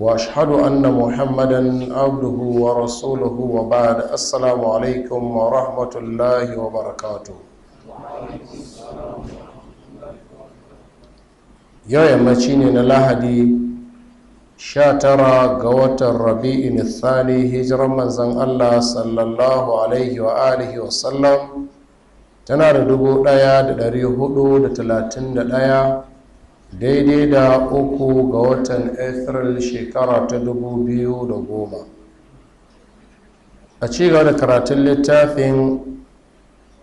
واشهد ان محمدا عبده ورسوله وبعد السلام عليكم ورحمه الله وبركاته yau yammaci ne na lahadi tara ga watan rabi'in thani hijiran manzan allah sallallahu da dubu ɗaya da sallam tana da ɗaya. daidai da uku ga watan Afril shekara ta dubu biyu da goma a cigaba da karatun littafin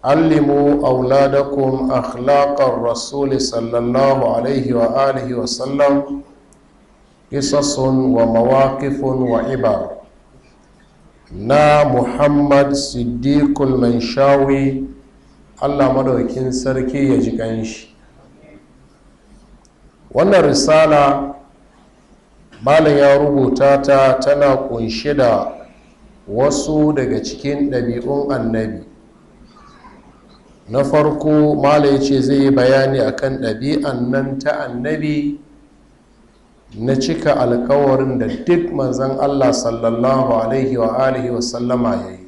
allimu auladakum akhlaqar rasuli sallallahu alaihi wa alihi wa sallam kisasun wa mawakifun wa ibar na muhammad siddiqul manshawi allah madaukin sarki ya ji ƙanshi wannan risala malam ya rubuta ta tana kunshe da wasu daga cikin ɗabi'un annabi na farko malam ya ce zai yi bayani akan ɗabi'an nan ta annabi na cika alkawarin da duk manzan allah sallallahu alaihi wa alihi wasallama ya yi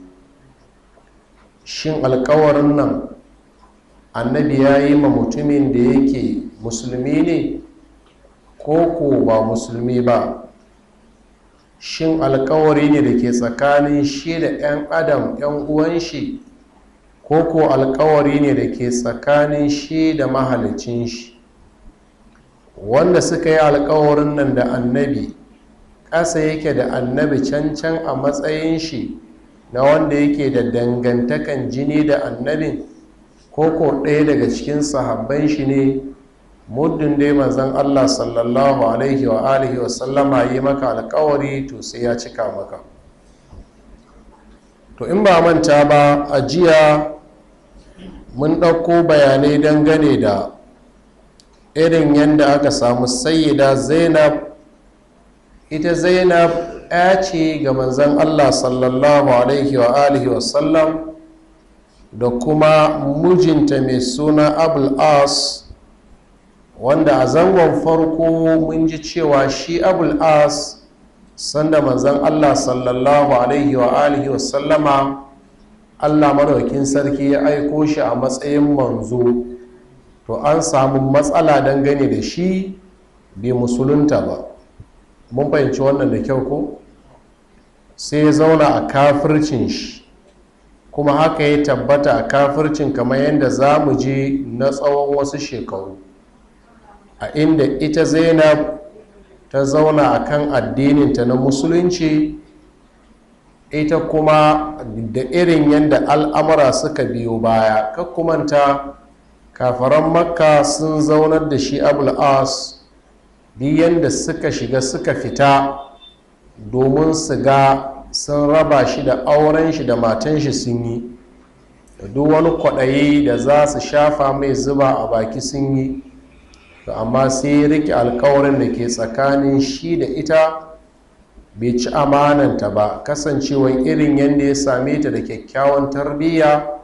shin alkawarin nan annabi ya yi ma mutumin da yake musulmi ne koko ba musulmi ba shin alkawari ne da ke tsakanin shi da 'yan adam 'yan uwan shi ko alkawari ne da ke tsakanin shi da mahalicin shi wanda suka yi alkawarin nan da annabi ƙasa yake da annabi cancan a matsayin shi na wanda yake da dangantakan jini da annabin koko ɗaya daga cikin sahabban shi ne muddin dai manzon Allah sallallahu alaihi wa alihi wa sallama yi maka alkawari to sai ya cika maka to in ba manta ba a jiya mun ɗauko bayanai gane da irin yadda aka samu sayyida zainab ita zainab ya ce ga manzan allah sallallahu alaihi wa alihi sallam da kuma mijinta mai suna abul as wanda a zangon farko mun ji cewa shi abul as sanda manzan allah sallallahu alaihi wa alihi wa sallama allah madaukin sarki ya aiko shi a matsayin manzo to an samu matsala dangane da shi bai musulunta ba mun fahimci wannan da kyau ko sai ya zauna a kafircin shi kuma haka ya tabbata a kafircin kamar yadda za mu je na tsawon wasu shekaru a inda ita zainab ta zauna a kan addininta na musulunci ita kuma da irin yadda al'amura suka biyo baya kakkumanta kafaran makka sun zaunar da shi abul'as biyan da suka shiga suka fita domin su ga sun raba shi da auren shi da matan shi sun yi da duk wani kwaɗayi da za su shafa mai zuba a baki sun yi to amma sai ya rike alkawarin da ke tsakanin shi da ita bai ci amananta ba kasancewar irin yadda ya same ta da kyakkyawan tarbiyya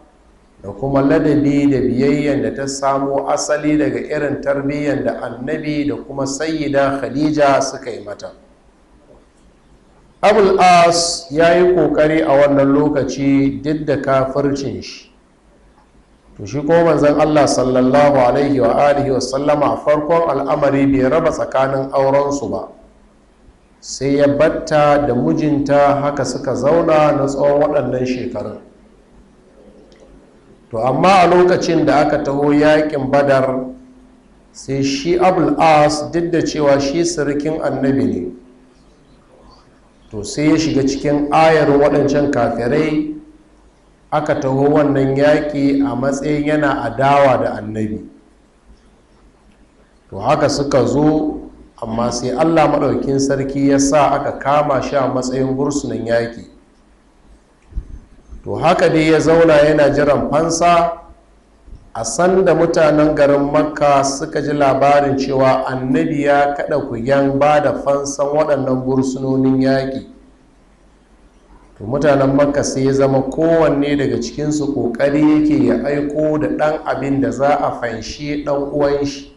da kuma ladabi da biyayyan da ta samo asali daga irin tarbiyyan da annabi da kuma sayyida khadija suka yi mata abul as ya yi kokari a wannan lokaci duk da kafircin shi to shi ko manzon Allah sallallahu alaihi wa alihi wa sallama farkon al'amari bai raba tsakanin aurensu ba sai ya batta da mijinta haka suka zauna na tsawon waɗannan shekarun to amma a lokacin da aka taho yakin badar sai shi as duk da cewa shi sirikin annabi ne to sai ya shiga cikin ayar waɗancan kafirai aka taho wannan yaƙi a matsayin yana adawa da annabi to haka suka zo amma sai allah maɗaukin sarki ya sa aka kama shi a matsayin bursunan yaƙi to haka dai ya zauna yana jiran fansa a sanda mutanen garin makka suka ji labarin cewa annabi ya kaɗa kugan ba da fansan waɗannan bursunonin yaƙi to mutanen makka sai ya zama kowanne daga cikinsu ƙoƙari yake ya aiko da ɗan abin da za a fanshi ɗan uwan shi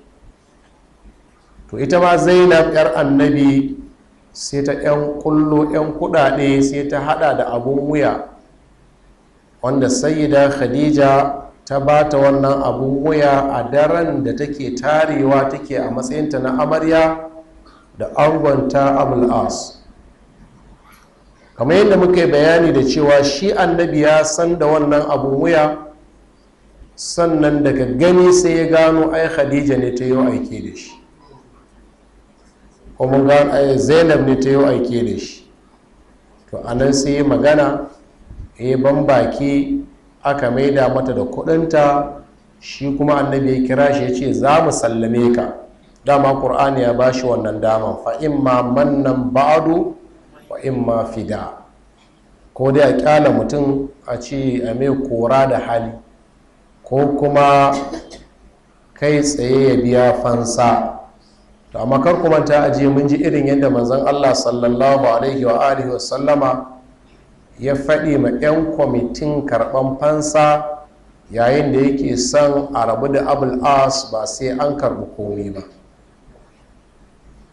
to ita ma zainab yar annabi sai ta 'yan kullo 'yan kuɗaɗe sai ta haɗa da abun wuya wanda sayyida khadija ta ba ta wannan abun wuya a daren da take tarewa take a matsayinta na amarya da angonta as kamar yadda muka yi bayani da cewa shi annabi ya san da wannan abun wuya sannan daga gani sai ya gano ai khadija ne ta yi aike da shi kuma gano ai zainab ne ta yi aike da shi to anan sai ya magana ya ban baki aka maida mata da kudinta shi kuma annabi ya kira shi ya ce za mu sallame ka dama ƙur'ani ya ba shi wannan dama fa'in ma mannan ba'adu in ma fida ko dai a kyala mutum a ce a mai kora da hali ko kuma kai tsaye ya biya fansa to amma kar kuma ta aje mun ji irin yadda manzon Allah sallallahu alaihi wa alihi wa sallama ya faɗi ma 'yan kwamitin karɓan fansa yayin da yake son a rabu da abul as ba sai an karɓi komai ba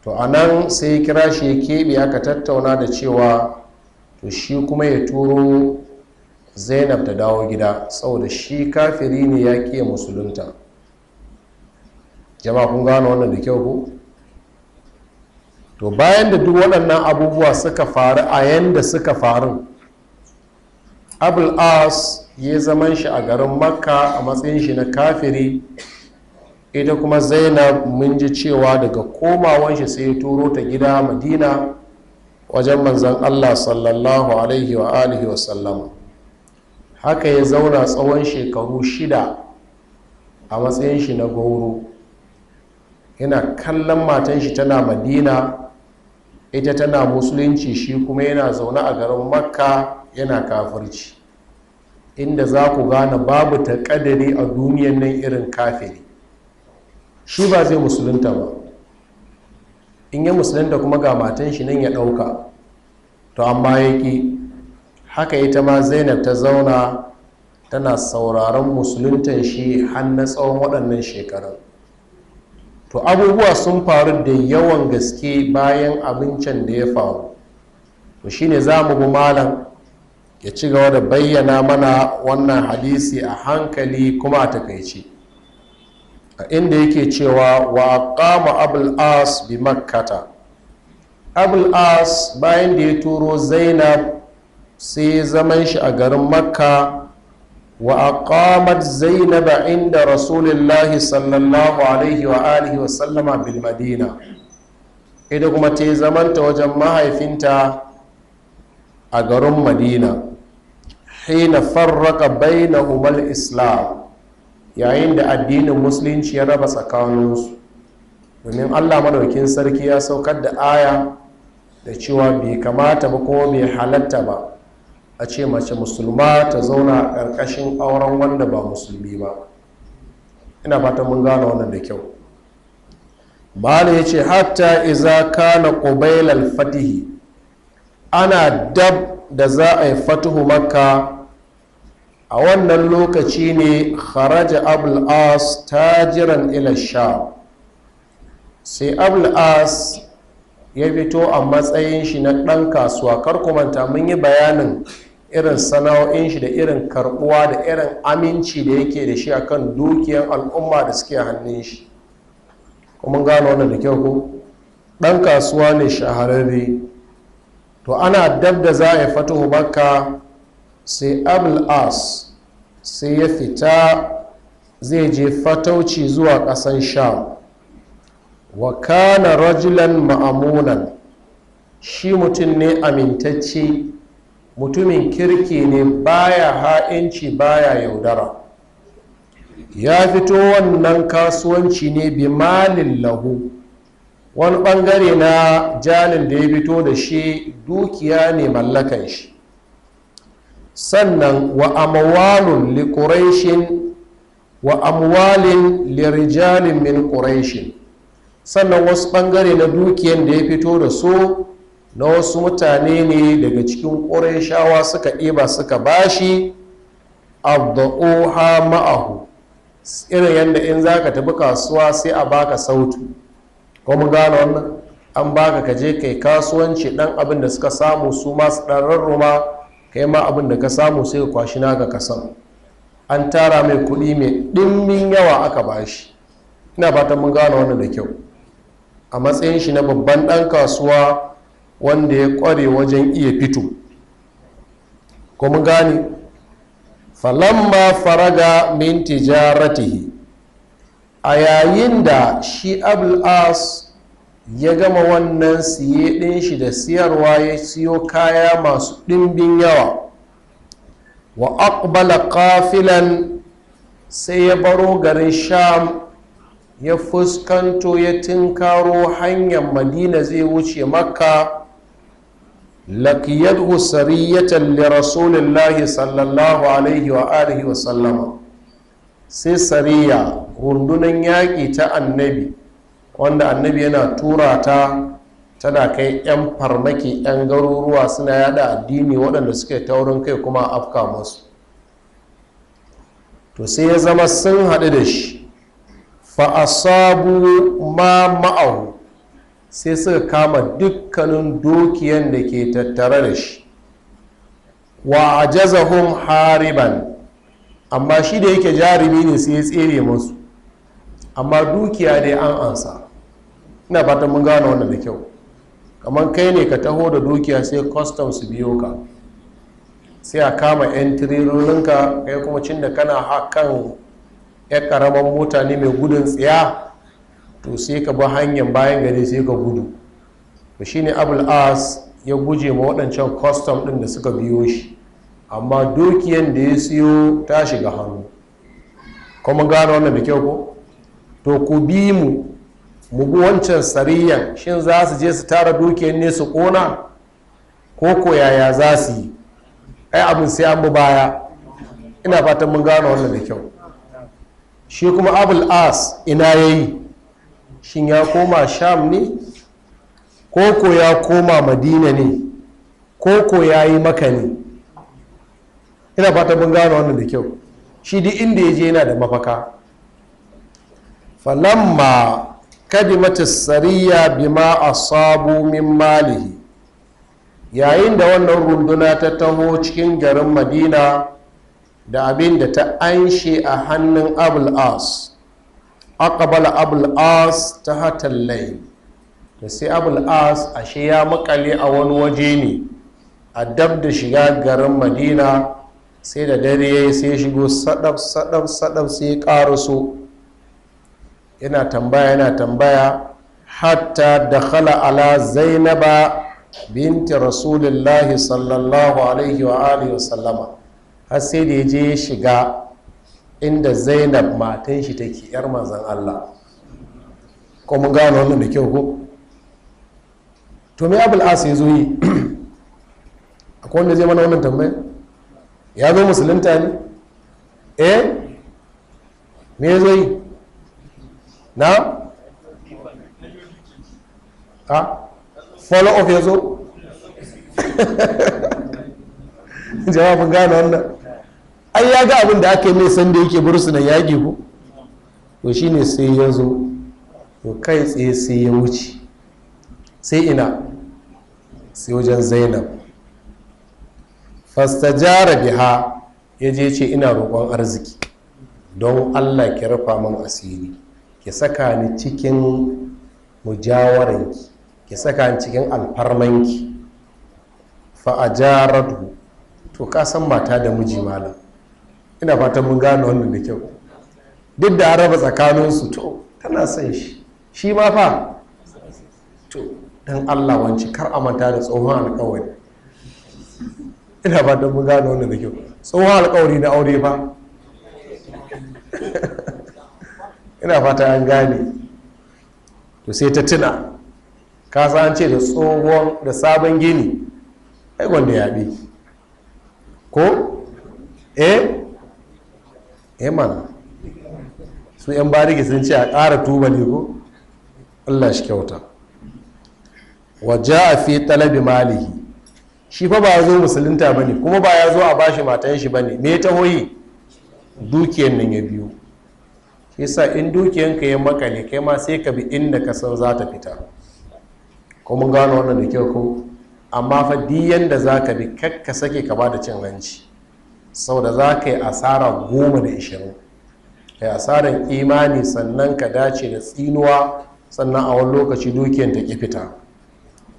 to a nan sai kira shi ya keɓe aka tattauna da cewa to shi kuma ya turo zainab ta dawo gida saboda shi kafiri ne ya ƙiya musulunta jama'a kun gano wannan da kyau ku to bayan da duk waɗannan abubuwa suka faru a yanda suka faru abul as ya zaman shi a garin makka a matsayin shi na kafiri ita kuma zainab mun ji cewa daga komawan shi sai ya turo ta gida madina wajen manzan allah sallallahu alaihi wa alihi wa sallama haka ya zauna tsawon shekaru shida a matsayin shi na goro. yana kallon matan shi tana madina ita tana musulunci shi kuma yana zaune a garin makka yana kafirci inda za ku gane babu ta a duniyan nan irin kafiri shi ba zai musulunta ba in yi musulunta kuma ga matan shi nan ya ɗauka to amma ya ƙi haka ita ma zainab ta zauna tana sauraron musuluntan shi har tsawon waɗannan shekarun to abubuwa sun faru da yawan gaske bayan abincin da ya faru to shine za mu bi malam ya ci gaba da bayyana mana wannan hadisi a hankali kuma a takaici. a inda yake cewa wa kama abul as bi makkata abul as bayan da ya turo zainab sai zaman shi a garin makka wa aqamat zainab inda rasulullahi sallallahu alaihi wa alihi wa sallama bil madina ita kuma ta zamanta wajen mahaifinta a garin madina hina farraka bainahumal umar islam yayin da addinin musulunci ya raba tsakaninsu domin allah madaukin sarki ya saukar da aya da cewa bai kamata ba ko bai halatta ba a ce mace musulma ta zauna a ƙarƙashin auren wanda ba musulmi ba ina fata mun gane wannan da kyau bala ya ce hatta iza kana ƙubailal fatihi ana dab da za a yi fatihu makka a wannan lokaci ne kharaja abul as jiran ila sha sai abul as ya fito a matsayin shi na ɗan kasuwa kar manta mun yi bayanin irin sana'o'in shi da irin karbuwa da irin aminci da yake da shi akan dukiyar al'umma da suke hannun shi kuma gano wannan da kyau ko ɗan kasuwa ne shahararre to ana dab da za a yi fatuhu makka sai abul as sai ya fita zai je fatauci zuwa ƙasan sham wa kana rajulan ma'amunan shi mutum ne amintacce mutumin kirki ne baya ha'inci baya yaudara ya fito wannan kasuwanci ne bi malin lahu wani ɓangare na janin da ya fito da shi dukiya ne mallakan shi sannan wa amwalun li quraishin wa amwalin rijalin min quraishin sannan wasu ɓangare na dukiyan da ya fito da su na wasu mutane ne daga cikin ƙurashawa suka ɗiba suka bashi ha ma'ahu irin yadda in za ka tafi kasuwa sai a baka sautu ko mun gane wannan an baka ka je kai kasuwanci ɗan abin da suka samu su masu ɗan rarruma kai ma abin da ka samu sai ka kwashi naka ka an tara mai kuɗi mai ɗimmin yawa aka bashi ina fatan mun gane wannan da kyau a matsayin shi na babban ɗan kasuwa wanda ya ƙware wajen iya fito ko mun gane falamma faraga min tijaratihi a yayin da shi abul as ya gama wannan siye ɗin shi da siyarwa ya siyo kaya masu ɗimbin yawa wa aqbala kafilan sai ya baro garin sham ya fuskanto ya tinkaro hanyar madina zai wuce makka lakiyadu sariyatan li rasulillahi sallallahu alaihi wa alihi wa sallama sai sariya rundunan yaƙi ta annabi wanda annabi yana tura ta tana kai 'yan farmaki 'yan garuruwa suna yada addini waɗanda suke taurin kai kuma afka musu to sai ya zama sun haɗu da shi fa'asabu ma ma'ahu sai suka kama dukkanin dukiyan da ke tattare da shi wa ajazahum hariban amma shi da yake jarumi ne sai ya tsere musu amma dukiya dai an ansa ina fatan mun gane wannan da kyau kamar kai ne ka taho da dukiya sai kwastam su biyo ka sai a kama 'yan tirirorinka kai kuma cin da kana hakan 'yan karaman mota ne mai gudun tsiya to sai ka bi hanyar bayan gari sai ka gudu to shine abul as ya guje ma waɗancan kwastam ɗin da suka biyo shi amma dukiyan da ya siyo ta shiga hannu kuma gane wannan da kyau ko to ku bi mu Mugu wancan sariyan shin za su je su tara dukiyar ne su kona ko ko yaya za su yi ai abin sai an bi baya ina fatan mun gane wannan da kyau shi kuma abul as ina ya yi shin ya koma sham ne ko ko ya koma madina ne ko ko ya yi maka ne ina fatan mun gane wannan da kyau shi duk inda ya je yana da mafaka falamma kadimata sariya bima a min malihi yayin da wannan runduna ta taho cikin garin madina da abin da ta anshe a hannun abul'as aqbala abul'as ta hatallai da sai abul'as ashe ya makale a wani waje ne a dab da shiga garin madina sai da dare sai shigo sadaf sadaf sadaf sai ya karaso yana tambaya yana tambaya hatta da khala ala zainaba binti rasulullahi sallallahu alaihi wa alihi wasallama har sai da ya je ya shiga inda zainab matan shi take yar manzan allah ko mun gano wannan da kyau ko to me abul as ya zo yi akwai wanda zai mana wannan tambaya ya zo musulunta ne eh me ya zo yi na? ha? follow up ya zo? jawabin gane wannan an ya ga abin da aka yi mai sanda yake bursunan yaƙi ku to ne sai ya zo to kai tsaye sai ya wuce sai ina sai wajen zainab fastajara biha ya je ce ina roƙon arziki don allah ki rufa min asiri ki saka ni cikin mujawaranki ki saka ni cikin alfarmanki fa jaratu. to ka san mata da miji malam ina fatan mun gano wannan da kyau duk da raba tsakaninsu to tana son shi shi ma fa to dan Allah wanci kar a manta da tsohon alkawari ina fatan mun gano wannan da kyau tsohon alkawari na aure fa ina fata an gane to sai ta tuna ka san ce da tsohon da sabon gini ai wanda ya bi ko eh eh mana su yan bariki sun ce a ƙara tuba ne ko allah shi kyauta waje a fi talabi malihi shi fa ba ya zo musulunta ba ne kuma ba ya zo a bashi matan shi ba ne me ta hoyi dukiyar nan ya biyu yasa in dukiyanka ya makale kai ma sai ka bi inda ka san za ta fita ko mun gano wannan da kyau ko amma fa diyan da za ka bi kakka sake ka bada cin hanci saboda za ka yi asara goma da ishirin ka yi asarar imani sannan ka dace da tsinuwa sannan a wani lokaci dukiyan ta ki fita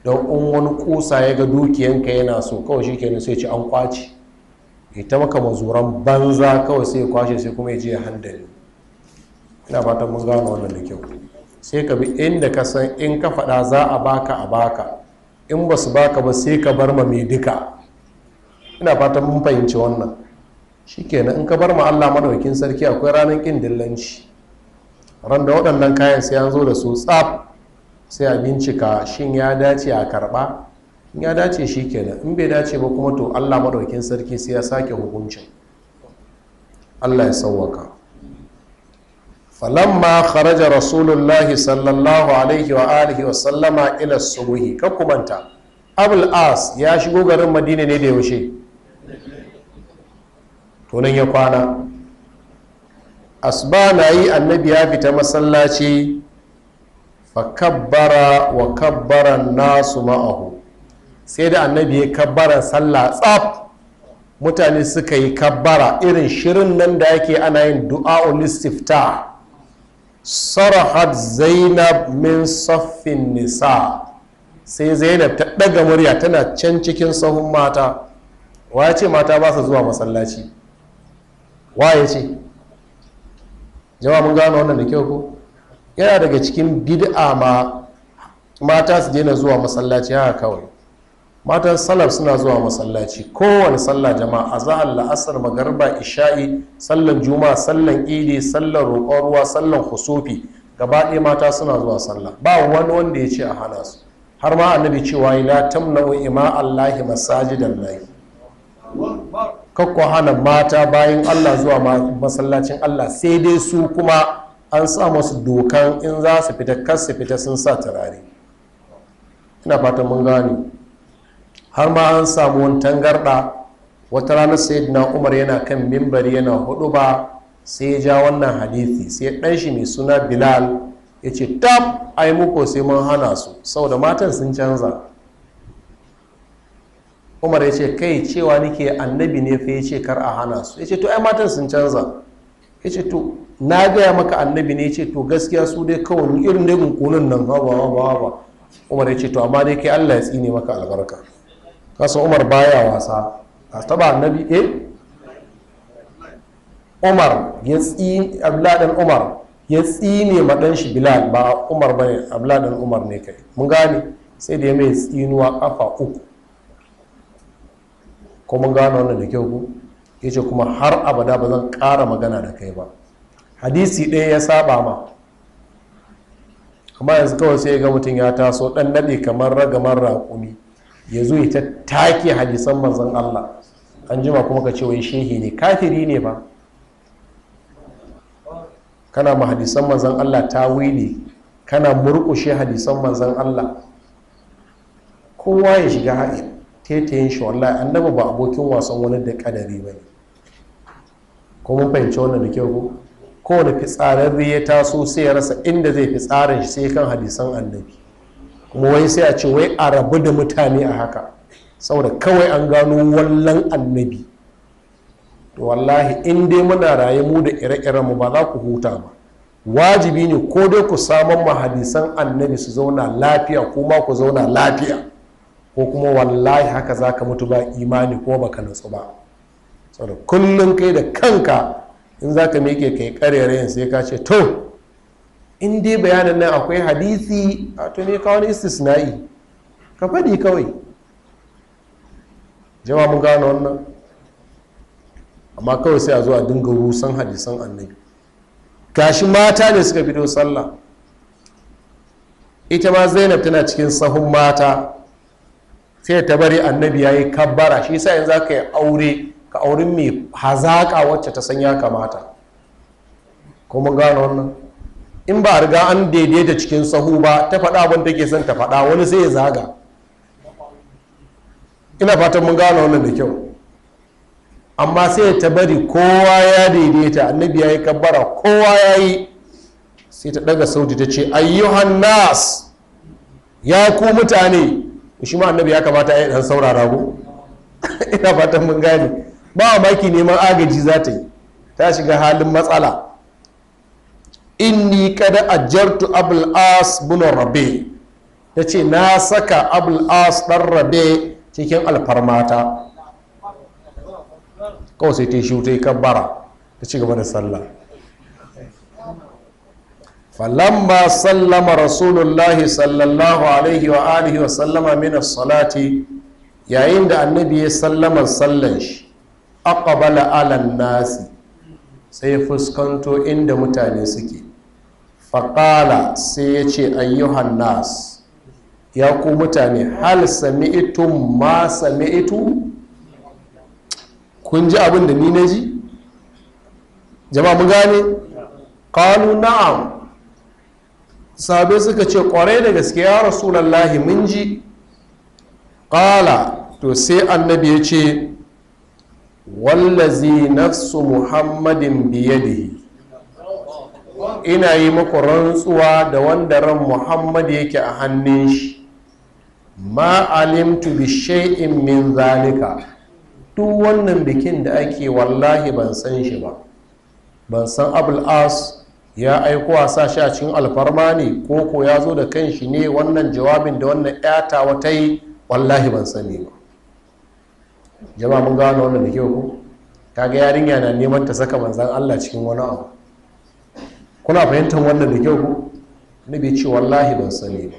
don in wani kusa ya ga dukiyanka yana so kawai shi kenan sai ci an kwace ita maka mazuran banza kawai sai ya kwashe sai kuma ya je handali ina fatan mun gano wannan da kyau sai ka bi inda ka san in ka faɗa za a baka a baka in ba su baka ba sai ka bar ma mai duka ina fatan mun fahimci wannan shikenan in ka bar ma Allah madaukakin sarki akwai ranar kin dillanci ran da waɗannan kayan sai an zo da su tsaf sai a bincika shin ya dace a karɓa in ya dace shi in bai dace ba kuma to allah maɗaukin sarki sai ya sake hukuncin allah ya sauwaka falamma kharaja rasulullahi sallallahu alaihi wa alihi wa sallama ila subuhi ka abul as ya shigo garin madina ne da yaushe tunan ya kwana asba na yi annabi ya fita masallaci fa wa kabbara nasu ma'ahu sai da annabi ya kabbara sallah tsaf mutane suka yi kabbara irin shirin nan da yake ana yin du'a'ul istifta sarahat zainab min saffin nisa sai zainab ta ɗaga murya tana can cikin sahun mata ya ce mata ba su zuwa masallaci wa ya ce jawabin gano wannan da kyau ko yana daga cikin bid'a ma mata su daina zuwa masallaci haka kawai matan salaf suna zuwa masallaci kowane sallah jama'a a azahar la'asar magarba isha'i sallan juma'a sallan idi sallan roƙon ruwa sallan kusufi gaba ɗaya mata suna zuwa sallah ba wani wanda ya ce a hana su har ma annabi cewa ila wa ima allahi masajidan lahi kakko hana mata bayan allah zuwa masallacin allah sai dai su kuma an sa musu dokan in za su fita kar su fita sun sa turare ina fatan mun gane har ma an samu wani tangarɗa wata ranar sayyidina umar yana kan mimbari yana hudu ba sai ya ja wannan hadithi sai ɗan shi mai suna bilal ya ce tab ai muku sai mun hana su saboda matan sun canza umar ya ce kai cewa nike annabi ne fa ya ce kar a hana su ya ce to ai matan sun canza ya ce to na gaya maka annabi ne ya ce to gaskiya su dai kawai irin dai kunkunan nan haba haba haba umar ya ce to amma dai kai allah ya tsine maka albarka kasa umar baya wasa a taba annabi eh umar ya tsini abladan umar ya tsine maɗan shi bilal ba umar bane abladan umar ne kai mun gane sai da ya mai tsinuwa kafa uku ko mun gane wannan da kyau ku ya ce kuma har abada ba zan ƙara magana da kai ba hadisi ɗaya ya saba ma amma yanzu kawai sai ga mutum ya taso ɗan daɗe kamar ragamar raƙumi ya zo ita ta take hadisan manzon Allah an jima kuma ka ce wai shehi ne kafiri ne ba kana ma hadisan manzon Allah ta wili kana murkushe hadisan manzon Allah kowa ya shiga ha'in tetayin shi wallahi annabi ba abokin wasan wani da kadari ba ne ko mun fahimci wannan da kyau ko kowane fitsararre ya taso sai ya rasa inda zai fi tsarin shi sai kan hadisan annabi kuma wai sai a ce wai a rabu da mutane a haka saboda kawai an gano wallan annabi to wallahi in dai muna raye mu da ire-iren mu ba za ku huta ba wajibi ne ko dai ku samun mahadisan annabi su zauna lafiya ko ma ku zauna lafiya ko kuma wallahi haka za ka mutu ba imani ko ba ka nutsu ba saboda kullum kai da kanka in za ka miƙe kai ƙarerayin sai ka ce to in dai bayanin nan akwai hadisi a tuni ne istisna'i ka faɗi kawai jama mun gano wannan amma kawai sai a zuwa dinga rusan hadisan annabi gashi mata ne suka fito sallah ita ma zainab tana cikin sahun mata sai ta bari annabi ya yi kabbara shi sa yanzu ka yi aure ka auri mai hazaƙa wacce ta san ya kamata ko mun gano wannan in ba a riga an daidaita cikin sahu ba ta faɗa abin take son ta faɗa wani sai ya zaga ina fatan mun gane wannan da kyau amma sai ta bari kowa ya daidaita annabi ya yi kabbara kowa ya yi sai ta daga sauti ta ce ayyuhan nas ya ku mutane shi ma annabi ya kamata ya dan saurara ko ina fatan mun gane ba maki neman agaji za ta yi ta shiga halin matsala inni kada ajartu abul as bin rabe ta ce na saka abul as dan rabe cikin alfarmata kawai sai ta yi ta yi kabbara ta ci gaba da sallah falamma sallama rasulullahi sallallahu alaihi wa alihi wa sallama min salati yayin da annabi ya sallama sallan shi aqbala ala nasi sai fuskanto inda mutane suke faƙala sai ya ce ayyuhan nas ya ku mutane hal sami sami'tum ma sami sami'tu kun ji abin da ni na ji jama'a mu gane qalu na'am sabe suka ce ƙwarai da gaske ya lallahi mun ji Ƙala to sai annabi ya ce wallazi nafsu muhammadin biyadihi ina yi muku rantsuwa da wanda ran muhammad yake a hannun shi ma alimtu bi shay'in min zalika duk wannan bikin da ake wallahi ban san shi ba ban san abul as ya aiko a sa shi a cikin alfarma ne ko ko ya zo da kan shi ne wannan jawabin da wannan yata wata yi wallahi ban sani ba jama'a mun gano wannan da kyau ko kaga yarinya na neman ta saka manzan Allah cikin wani abu kuna fahimtar wannan da kyau na bai ce wallahi ban sani ba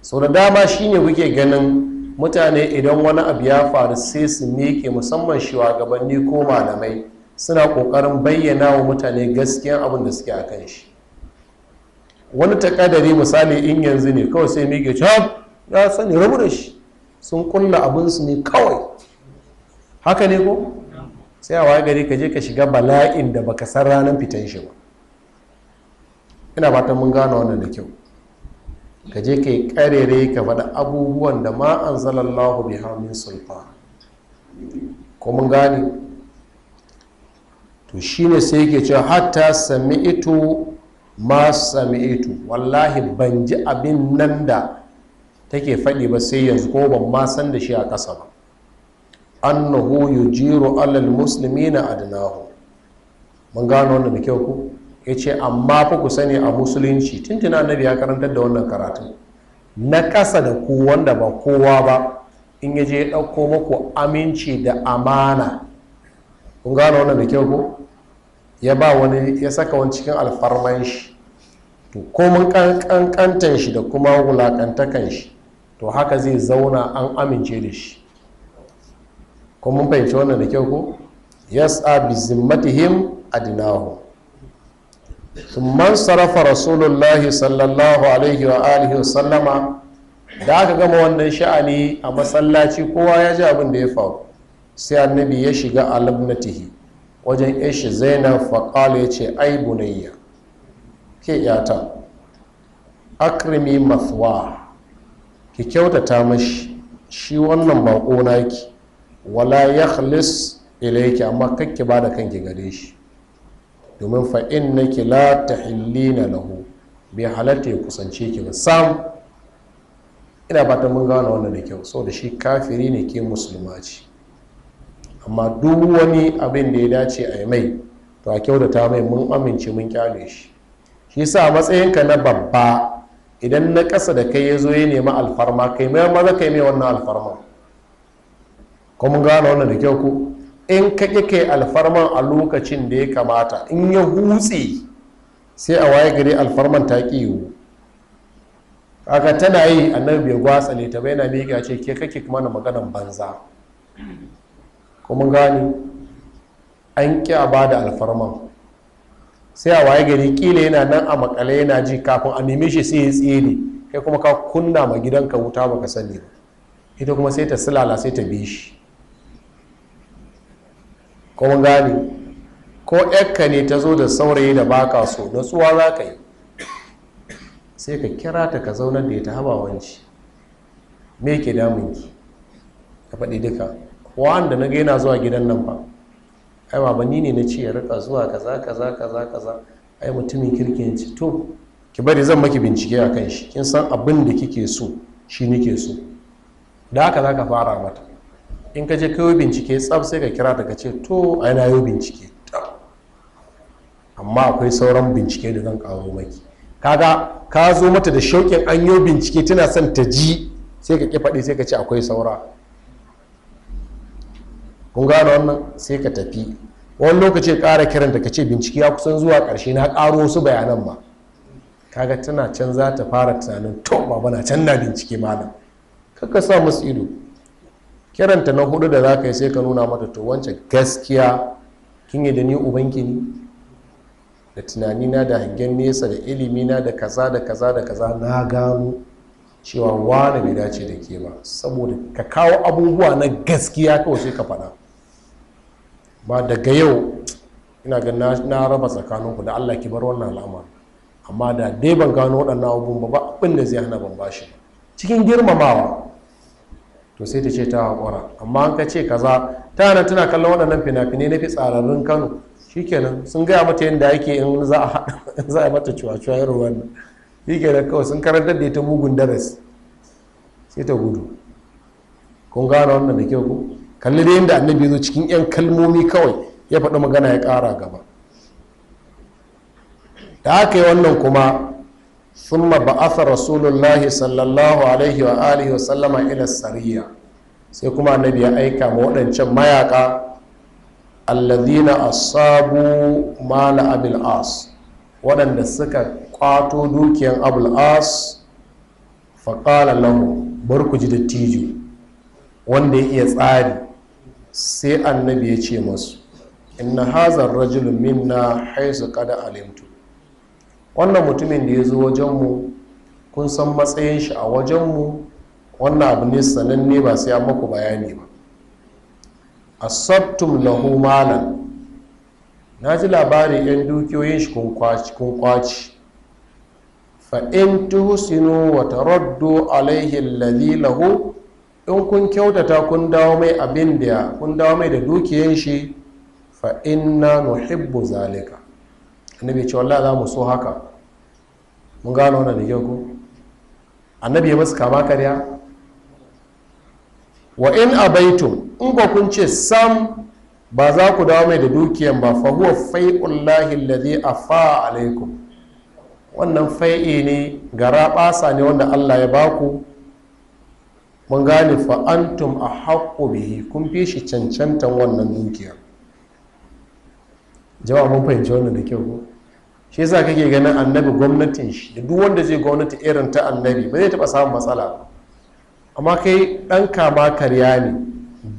sau da dama shine kuke ganin mutane idan wani abu ya faru sai su meke musamman gabanni ko malamai suna kokarin bayyana wa mutane gaskiyan abin da suke a kan shi wani takadari misali in yanzu ne kawai sai meke cab ya sani rabu da shi sun kulla abinsu ne kawai haka ne ko sai a waye gari ka je ka shiga bala'in da baka san ranar fitan shi ba ina fatan mun gano wannan da kyau ka je ka yi karere ka faɗa abubuwan da ma an zalallahu bi hamin sulfa ko mun gane to shine sai yake cewa hatta ito ma sami ito wallahi ban ji abin nan da take faɗi ba sai yanzu ko ban ma san da shi a ƙasa ba annahu yujiru alal muslimina adnahu mun gano wannan da kyau ko ya ce amma fi ku sani a musulunci tuntuna annabi ya karantar da wannan karatu na ƙasa da ku wanda ba kowa ba in ya je ya ɗauko maku aminci da amana kun gano wannan da kyau ko ya ba wani ya saka wani cikin alfarman shi to ko mun kankantan shi da kuma wulakantakan shi to haka zai zauna an amince da shi Ko mun fahimci wannan da kyau ko yas'a bi zimmatihim adinahu man sarrafa rasulullahi sallallahu alaihi wa alihi wa sallama da aka gama wannan sha'ani a masallaci kowa ya ji abin da ya faru sai annabi ya shiga alabnatihi wajen ishi zainab faƙala ya ce ai bunayya ke yata akrimi mathwa ki kyautata mashi shi wannan baƙo naki wala ya ilayki amma kakki ba da kanki gare shi domin fa'in na ki la ta na lahu bai halatta ya kusance ki ba sam ina ta mun gane wannan da kyau Sau da shi kafiri ne ke musulma ce amma duk wani abin da ya dace a yi mai to a kyau da ta mai mun amince mun kyale shi shi sa matsayinka na babba idan na ƙasa da kai ya zo ya nema alfarma kai mai maza kai mai wannan alfarma kuma mun gane wannan da kyau ku in ka kai alfarman a lokacin da ya kamata in ya hutse sai a waye gari alfarman ta ƙi yiwu tana yi annabi bai ne ta bai mai gace ce ke kake mana maganan banza kuma gani an ƙi a ba da alfarman sai a waye gari ƙila yana nan a makale yana ji kafin a neme shi sai ya tsere kai kuma ka kunna ma gidanka wuta baka sani ba ita kuma sai ta silala sai ta bi shi kuma gane ko yakka ne ta zo da saurayi da baka so tsuwa za ka yi sai ka kira ta ka zaunar da ya ta haba wanci me ke damunki ka faɗi duka wanda na gaina zuwa gidan nan ba ai ba ni ne na ce ya rika zuwa kaza kaza kaza kaza ai mutumin kirkin ce to ki bari zan maki bincike a kan shi kin san abin da kike so shi nike so da haka za ka fara mata in ka je kawai bincike tsab sai ka kira daga ce to ana yi bincike amma akwai sauran bincike da zan kawo maki kaga ka zo mata da shauƙin an yi bincike tana son ta ji sai ka ƙi faɗi sai ka ce akwai saura kun gane wannan sai ka tafi wani lokaci ƙara kiran da ka ce bincike ya kusan zuwa ƙarshe na ƙaro wasu bayanan ma kaga tana can za ta fara tunanin to ba bana can na bincike malam kaka sa musu ido kiranta na hudu da za ka yi sai ka nuna mata to wancan gaskiya kin yi da ni ubanki ne da tunanina da hangen nesa da ilimina da kaza da kaza da kaza na gano cewa wani bai dace da ke ba saboda ka kawo abubuwa na gaskiya kawai sai ka faɗa ba daga yau ina ga na raba tsakanin ku da allah ki bar wannan al'amar amma da dai ban gano waɗannan abubuwan ba abin da zai hana ban bashi cikin girmamawa to sai ta ce ta haƙura amma an ka ce kaza ta nan tana kallon waɗannan fina-finai na fitsararrun kano shikenan sun gaya mata yadda ake in za a a mata cuwa-cuwa irin wannan shikenan kawai sun karantar da ita mugun darasi sai ta gudu kun gane wannan da kyau ku kalli da yadda annabi zo cikin yan kalmomi kawai ya faɗi magana ya ƙara gaba da aka yi wannan kuma ثم بعث رسول الله صلى الله عليه وآله وسلم إلى السرية سيكما aika ma wadancan mayaka. الذين أصابوا مال أبي العاص waɗanda suka ƙwato dukiyan abul'as faƙala lahu bar ku ji dattijo wanda ya iya tsari sai annabi ya ce masu inna hazar rajulun minna haisu kada alimtu wannan mutumin da ya zo wajenmu kun san matsayin shi a wajenmu wannan abu ne sananne ba sai an maku bayani ba asabtum lahu malan na ji labarin 'yan dukiyoyin shi kun kwaci fa'in tuhusinu wa taraddu alaihi lalzi lahu in kun kyautata kun dawo mai abin da kun dawo mai da dukiyan shi fa'in na nuhibbu zalika annabi ce wallah za mu so haka mun gano wannan da kyau ko annabi ya masu kama karya wa in abaitum in ba kun ce sam ba za ku dawo mai da dukiyan ba fa huwa fai'un lahi alladhi afa alaikum wannan fai'i ne gara rabasa ne wanda Allah ya baku mun gane fa antum ahaqqu bihi kun fi shi cancantan wannan dukiya jama'a mun fahimci wannan da kyau ko shi yasa kake ganin annabi gwamnatin shi da duk wanda zai gwamnati irin ta annabi ba zai taɓa samun matsala ba. amma kai ɗan kama karya ne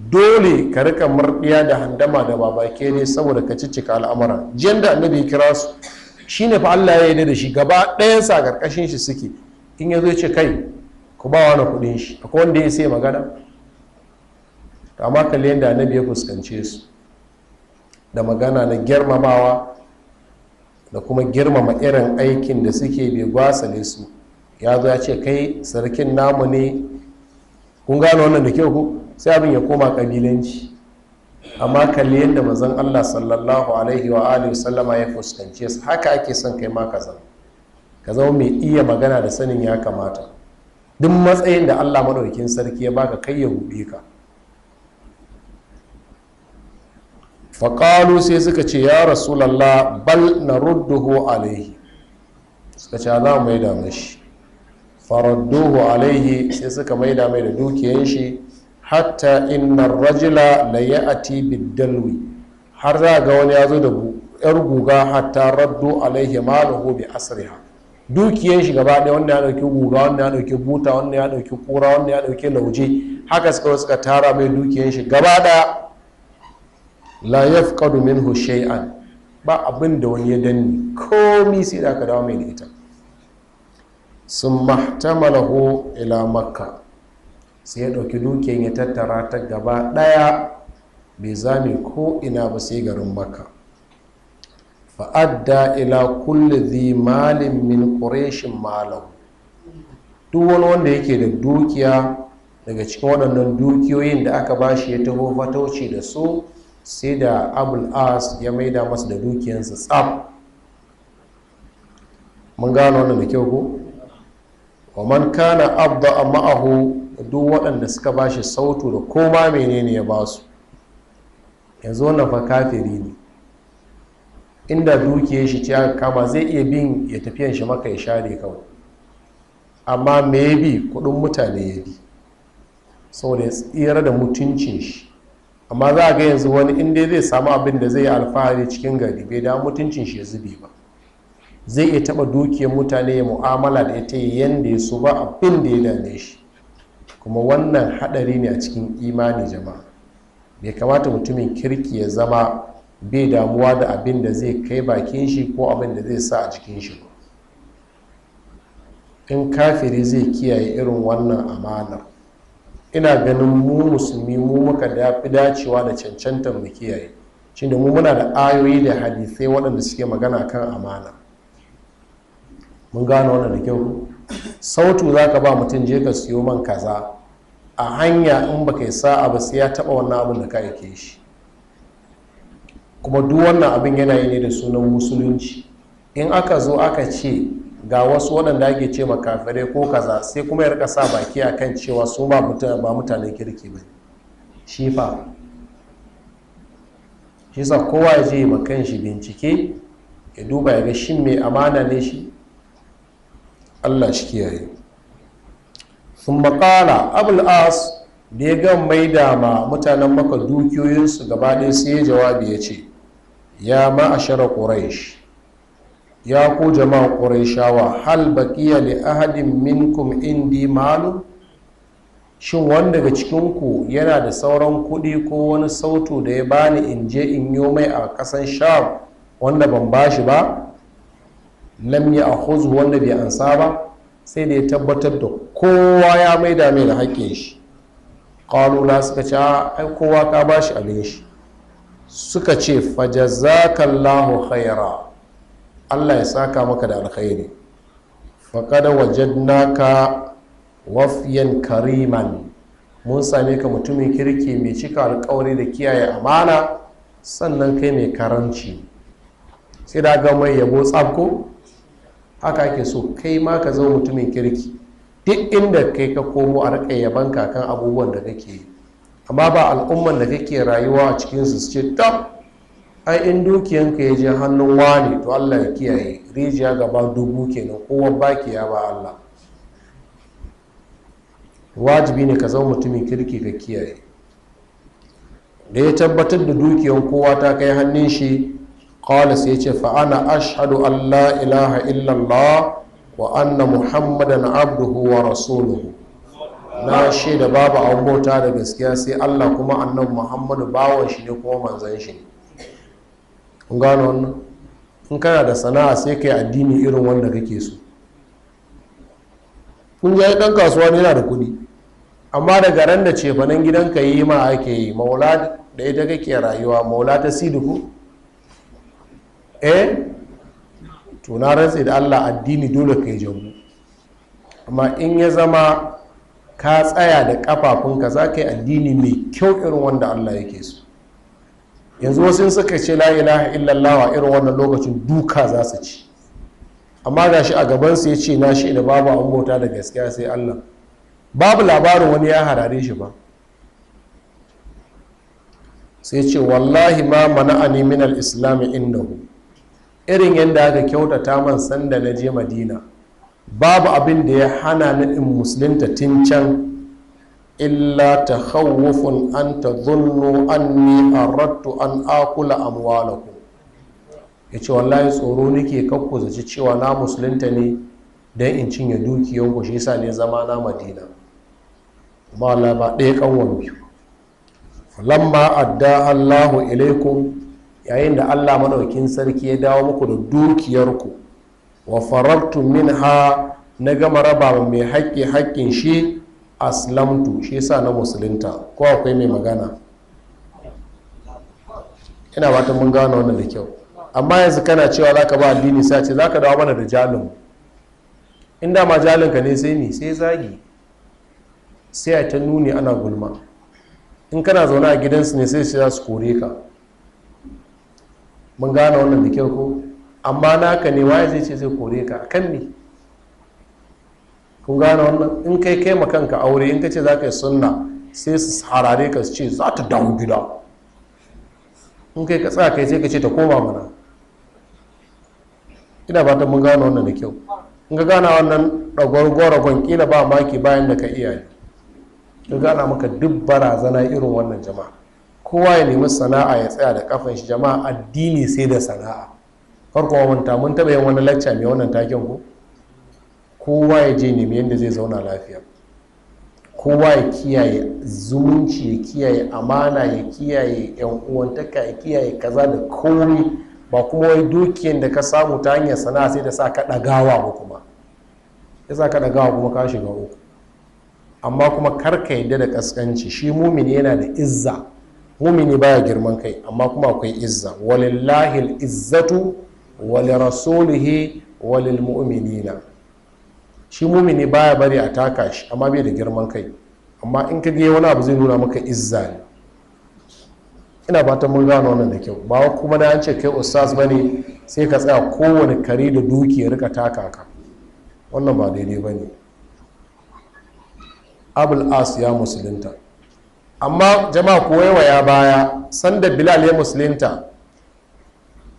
dole ka rika murɗiya da handama da babake ne saboda ka ciccika al'amura jiyan da annabi kira su shi ne fa Allah ya yi da shi gaba ɗayansa sa ƙarƙashin shi suke in ya zo ce kai ku ba wani kuɗin shi akwai wanda ya sai magana amma kalli yadda annabi ya fuskance su da magana na girmamawa da kuma girmama irin aikin da suke bai gwasale su ya zo ya ce kai sarkin namu ne kun gano wannan da kyau ku sai abin ya koma kabilanci amma kalli yadda mazan allah sallallahu alaihi wa alihi sallama ya fuskance su haka ake son kai ma ka ka zama mai iya magana da sanin ya kamata duk matsayin da allah madaukakin sarki ya baka kai ya buɗe ka faƙalu sai suka ce ya rasulallah bal na rudduhu alaihi suka ce za mai da mashi faradduhu alaihi sai suka maida mai da dukiyan shi hatta inna rajila la ya'ti Bidalwi. har za ga wani ya zo da yar guga hatta raddu alaihi maluhu bi asriha dukiyan shi gaba ɗaya wanda ya ɗauki guga wanda ya ɗauki buta wanda ya ɗauki kura wanda ya ɗauki lauje haka suka suka tara mai dukiyan shi gaba ɗaya la yafqadu minhu shay'an ba abinda wani ya danne komi sai da aka dawo mai da ita sun mahtamalahu ila makka sai ya ɗauki dukiyan ya tattara ta gaba ɗaya bai zame ko ina ba sai garin makka fa'adda ila kulli zi malin min ƙureshin malahu duk wani wanda yake da dukiya daga cikin waɗannan dukiyoyin da aka bashi ya taho fatauci da su sai da abul as ya maida masa da dukiyansa tsab mun gano wannan da kyau ko wa man kana abda ma'ahu duk waɗanda suka ba shi sautu da koma menene ya ba su yanzu wannan fa kafiri ne inda dukiyar shi ta kama zai iya bin ya tafiyan shi maka ya share kawai amma me ya bi kudin mutane ya bi saboda ya tsira da mutuncin shi amma za a ga yanzu wani inda zai samu abin da zai yi alfahari cikin gari bai da mutuncin shi ya zube ba zai iya taba dukiyar mutane ya mu'amala da ya ita yadda ya so ba abin da ya dame shi kuma wannan hadari ne a cikin imani jama'a bai kamata mutumin kirki ya zama bai damuwa da abin da zai kai bakin shi ko abin da zai sa a cikin shi ba. in kafiri zai kiyaye irin wannan amanar ina ganin mu musulmi mu muka da fi dacewa da cancantar mu kiyaye shine mu muna da ayoyi da hadisai waɗanda suke magana kan amana mun gane wannan da kyau sautu za ka ba mutum je ka siyo man kaza a hanya in ba kai sa'a ba sai ya taɓa wannan abin da ka aike shi kuma duk wannan abin yana yi ne da sunan musulunci in aka zo aka ce ga wasu waɗanda ake ce makafirai ko kaza sai kuma ya rika sa baki a kan cewa su ba mutanen kirki ba shi fa shi sa kowa ya je ma kan shi bincike ya duba ya ga shi mai amana ne shi allah shi kiyaye sun makala abul as da ya gan da ma mutanen maka dukiyoyinsu gaba ɗaya sai ya jawabi ya ce ya ma a shara quraish ya ku jama'a ƙurayshawa hal baƙiya li ahadin minkum indi malu shin wani daga cikinku yana da sauran kuɗi ko wani sautu da ya bani in je in yi mai a ƙasan sha'ar wanda ban bashi ba lam ya akhuzu wanda bai ansa ba sai da ya tabbatar da kowa ya maida mai da haƙƙe shi ƙalula suka ce ai kowa ka bashi abin shi suka ce fajazzakallahu khaira allah ya saka maka da alkhairi faƙada wajadnaka wafiyan kariman mun same ka mutumin kirki mai cika alkawari da kiyaye amana sannan kai mai karanci sai da ga mai yabo tsabko haka ake so kai ma ka zama mutumin kirki duk inda kai ka komo a rika yaban kakan abubuwan da kake amma ba al'umman da kake rayuwa a cikinsu su ce tab ai in dukiyanka ya je hannun wani to allah ya kiyaye rijiya gaba dubu kenan kowa baki ya ba allah wajibi ne ka zama mutumin kirki ka kiyaye da ya tabbatar da dukiyan kowa ta kai hannun shi qala sai ce fa'ana ashadu allah ilaha illallah wa anna muhammadan abduhu wa rasuluhu na shaida babu abubuwa ta da gaskiya sai allah kuma annan muhammadu bawan shi ne kuma manzan shi ne gano wannan in kana da sana'a sai ka yi addini irin wanda kake so kun ji ɗan kasuwa ne yana da kuɗi amma daga ran da cefanen gidanka yi ma ake yi maula da ita kake rayuwa maula ta siduku eh to na rantse da allah addini dole ka yi jamu amma in ya zama ka tsaya da kafafunka za ka yi addini mai kyau irin wanda allah yake so yanzu wasu suka ce la ilaha illallah a irin wannan lokacin duka za su ci amma ga shi a gabansu ya ce na shi da babu an bauta da gaskiya sai allah babu labarin wani ya harare shi ba sai ce wallahi ma mana mana'ani min al-islam hu irin yadda aka kyautata man sanda na je madina babu abin da ya hana ni in musulunta tun can illa ta khawufun an ta zunnu an ni rattu an akula amwalakum ya ce wallahi tsoro nake kakku zaci cewa na musulunta ne don in cinye dukiyanku shi sa ne zama na madina Ba Allah ba ɗaya kanwan biyu lamma adda Allahu ilaikum yayin da Allah maɗaukin sarki ya dawo muku da dukiyarku wa min ha na gama raba mai haƙƙi haƙƙin shi aslamtu shi yasa na musulunta ko akwai mai magana ina wata mun gano wannan da kyau amma yanzu kana cewa za ka ba addini sai ce za ka dawo mana da jalin in dama ma jalin ka ne sai ni sai zagi sai a ta nuni ana gulma in kana zaune a gidansu ne sai za su kore ka mun gano wannan da kyau ko amma naka ne waye zai ce zai kore ka kan ne kun gane wannan in kai kai ma kanka aure in kace za ka yi sunna sai su harare ka ce za ta dawo gida in kai ka tsaya sai ka ce ta koma mana ina ba ta mun gane wannan da kyau in ka gana wannan ragwargwaragon kila ba maki bayan da ka iya ka gana maka duk barazana irin wannan jama'a kowa ya nemi sana'a ya tsaya da kafan shi jama'a addini sai da sana'a farko ta mun taɓa yin wani lacca mai wannan taken ku kowa ya je nemi yadda zai zauna lafiya kowa ya kiyaye zumunci ya kiyaye amana ya kiyaye yan uwantaka ya kiyaye kaza da komi ba kuma wai dukiyar da ka samu ta hanyar sana'a sai da sa ka ɗagawa ba kuma ya sa ka ɗagawa kuma ka shiga uku amma kuma kar ka yadda da kaskanci shi mumini yana da izza mumini baya girman kai amma kuma akwai izza walillahi izzatu walirasulihi walilmu'minina shi mumini baya bari a taka shi amma bai da girman kai amma in ka gaya wani abu zai nuna maka izza ne ina fatan mun gano wannan da kyau ba kuma na an ce kai ustaz bane sai ka tsaya kowane kare da duki ya rika taka ka wannan ba daidai ba ne. abul as ya musulunta amma jama'a ko ya baya sanda bilal ya musulunta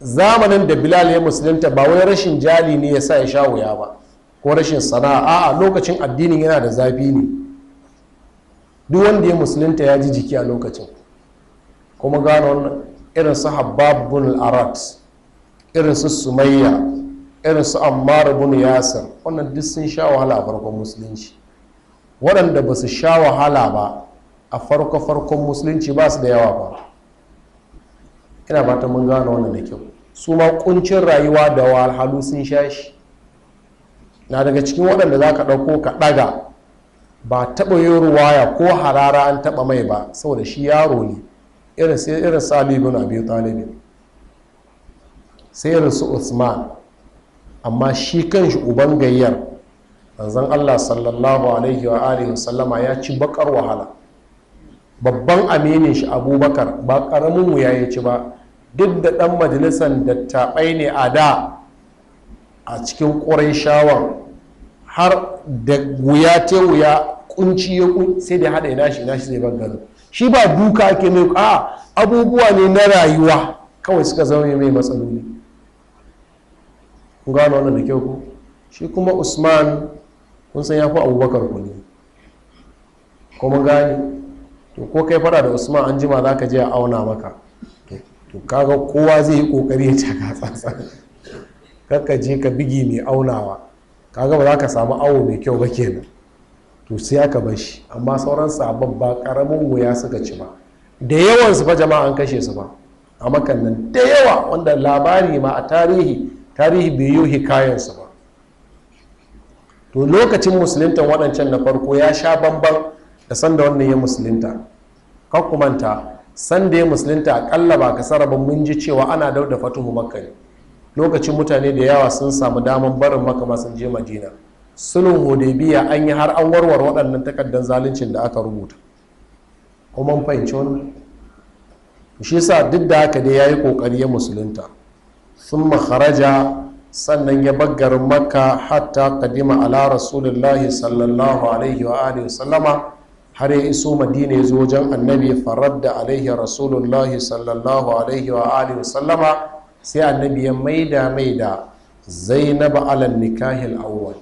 zamanin da bilal ya musulunta ba wani rashin jali ne ya sa ya sha wuya ba ko rashin sana'a a lokacin addinin yana da zafi ne duk wanda ya musulunta ya ji jiki a lokacin kuma gano wannan irin su habbab bin irin su sumayya irin su ammar bin yasir wannan duk sun sha wahala a farkon musulunci waɗanda ba su sha wahala ba a farko-farkon musulunci ba su da yawa ba ina ba ta mun gano wannan da kyau su ma kuncin rayuwa da wahalhalu sun sha shi na daga cikin waɗanda za ka ɗauko ka ɗaga ba taɓa yin ruwaya ko harara an taɓa mai ba saboda shi yaro ne irin sai irin sali ibn abi sai irin su usman amma shi kanshi uban gayyar manzon Allah sallallahu alaihi wa alihi sallama ya ci bakar wahala babban aminin shi abubakar ba karamin wuya ya ci ba duk da ɗan majalisar dattabai ne a da a cikin ƙwarai shawar har da wuya ta wuya kunci ya kun sai da haɗa ina shi ina shi zai ban shi ba duka ake mai a abubuwa ne na rayuwa kawai suka zama mai matsaloli ku gano wannan da kyau ku shi kuma usman kun san ya fi abubakar ku ne kuma gane to ko kai fara da usman an jima za ka je a auna maka to kaga kowa zai yi kokari ya taka tsatsa kakka je ka bigi mai aunawa kaga ba za ka samu awo mai kyau ba kenan to sai aka bar shi amma sauran sabon ba karamin wuya suka ci ba da yawan su fa jama'a an kashe su ba a makannin da yawa wanda labari ma a tarihi tarihi bai yi hikayen su ba to lokacin musulunta waɗancan na farko ya sha bamban da sanda wannan ya musulunta kakkumanta sanda ya musulunta akalla ba ka sarabin mun ji cewa ana dauda fatuhu makka ne lokacin mutane da yawa sun samu daman barin maka sun je madina sulhun hudaybiya an yi har an warware waɗannan takaddan zaluncin da aka rubuta kuma fahimci wani shi sa duk da haka dai ya yi ƙoƙari ya musulunta sun makaraja sannan ya baggarin maka hatta kadima ala rasulullahi sallallahu alaihi wa alihi sallama har ya iso madina ya zo wajen annabi faradda alaihi rasulullahi sallallahu alaihi wa alihi sallama sai annabi ya maida maida zainab alal nikahil awwal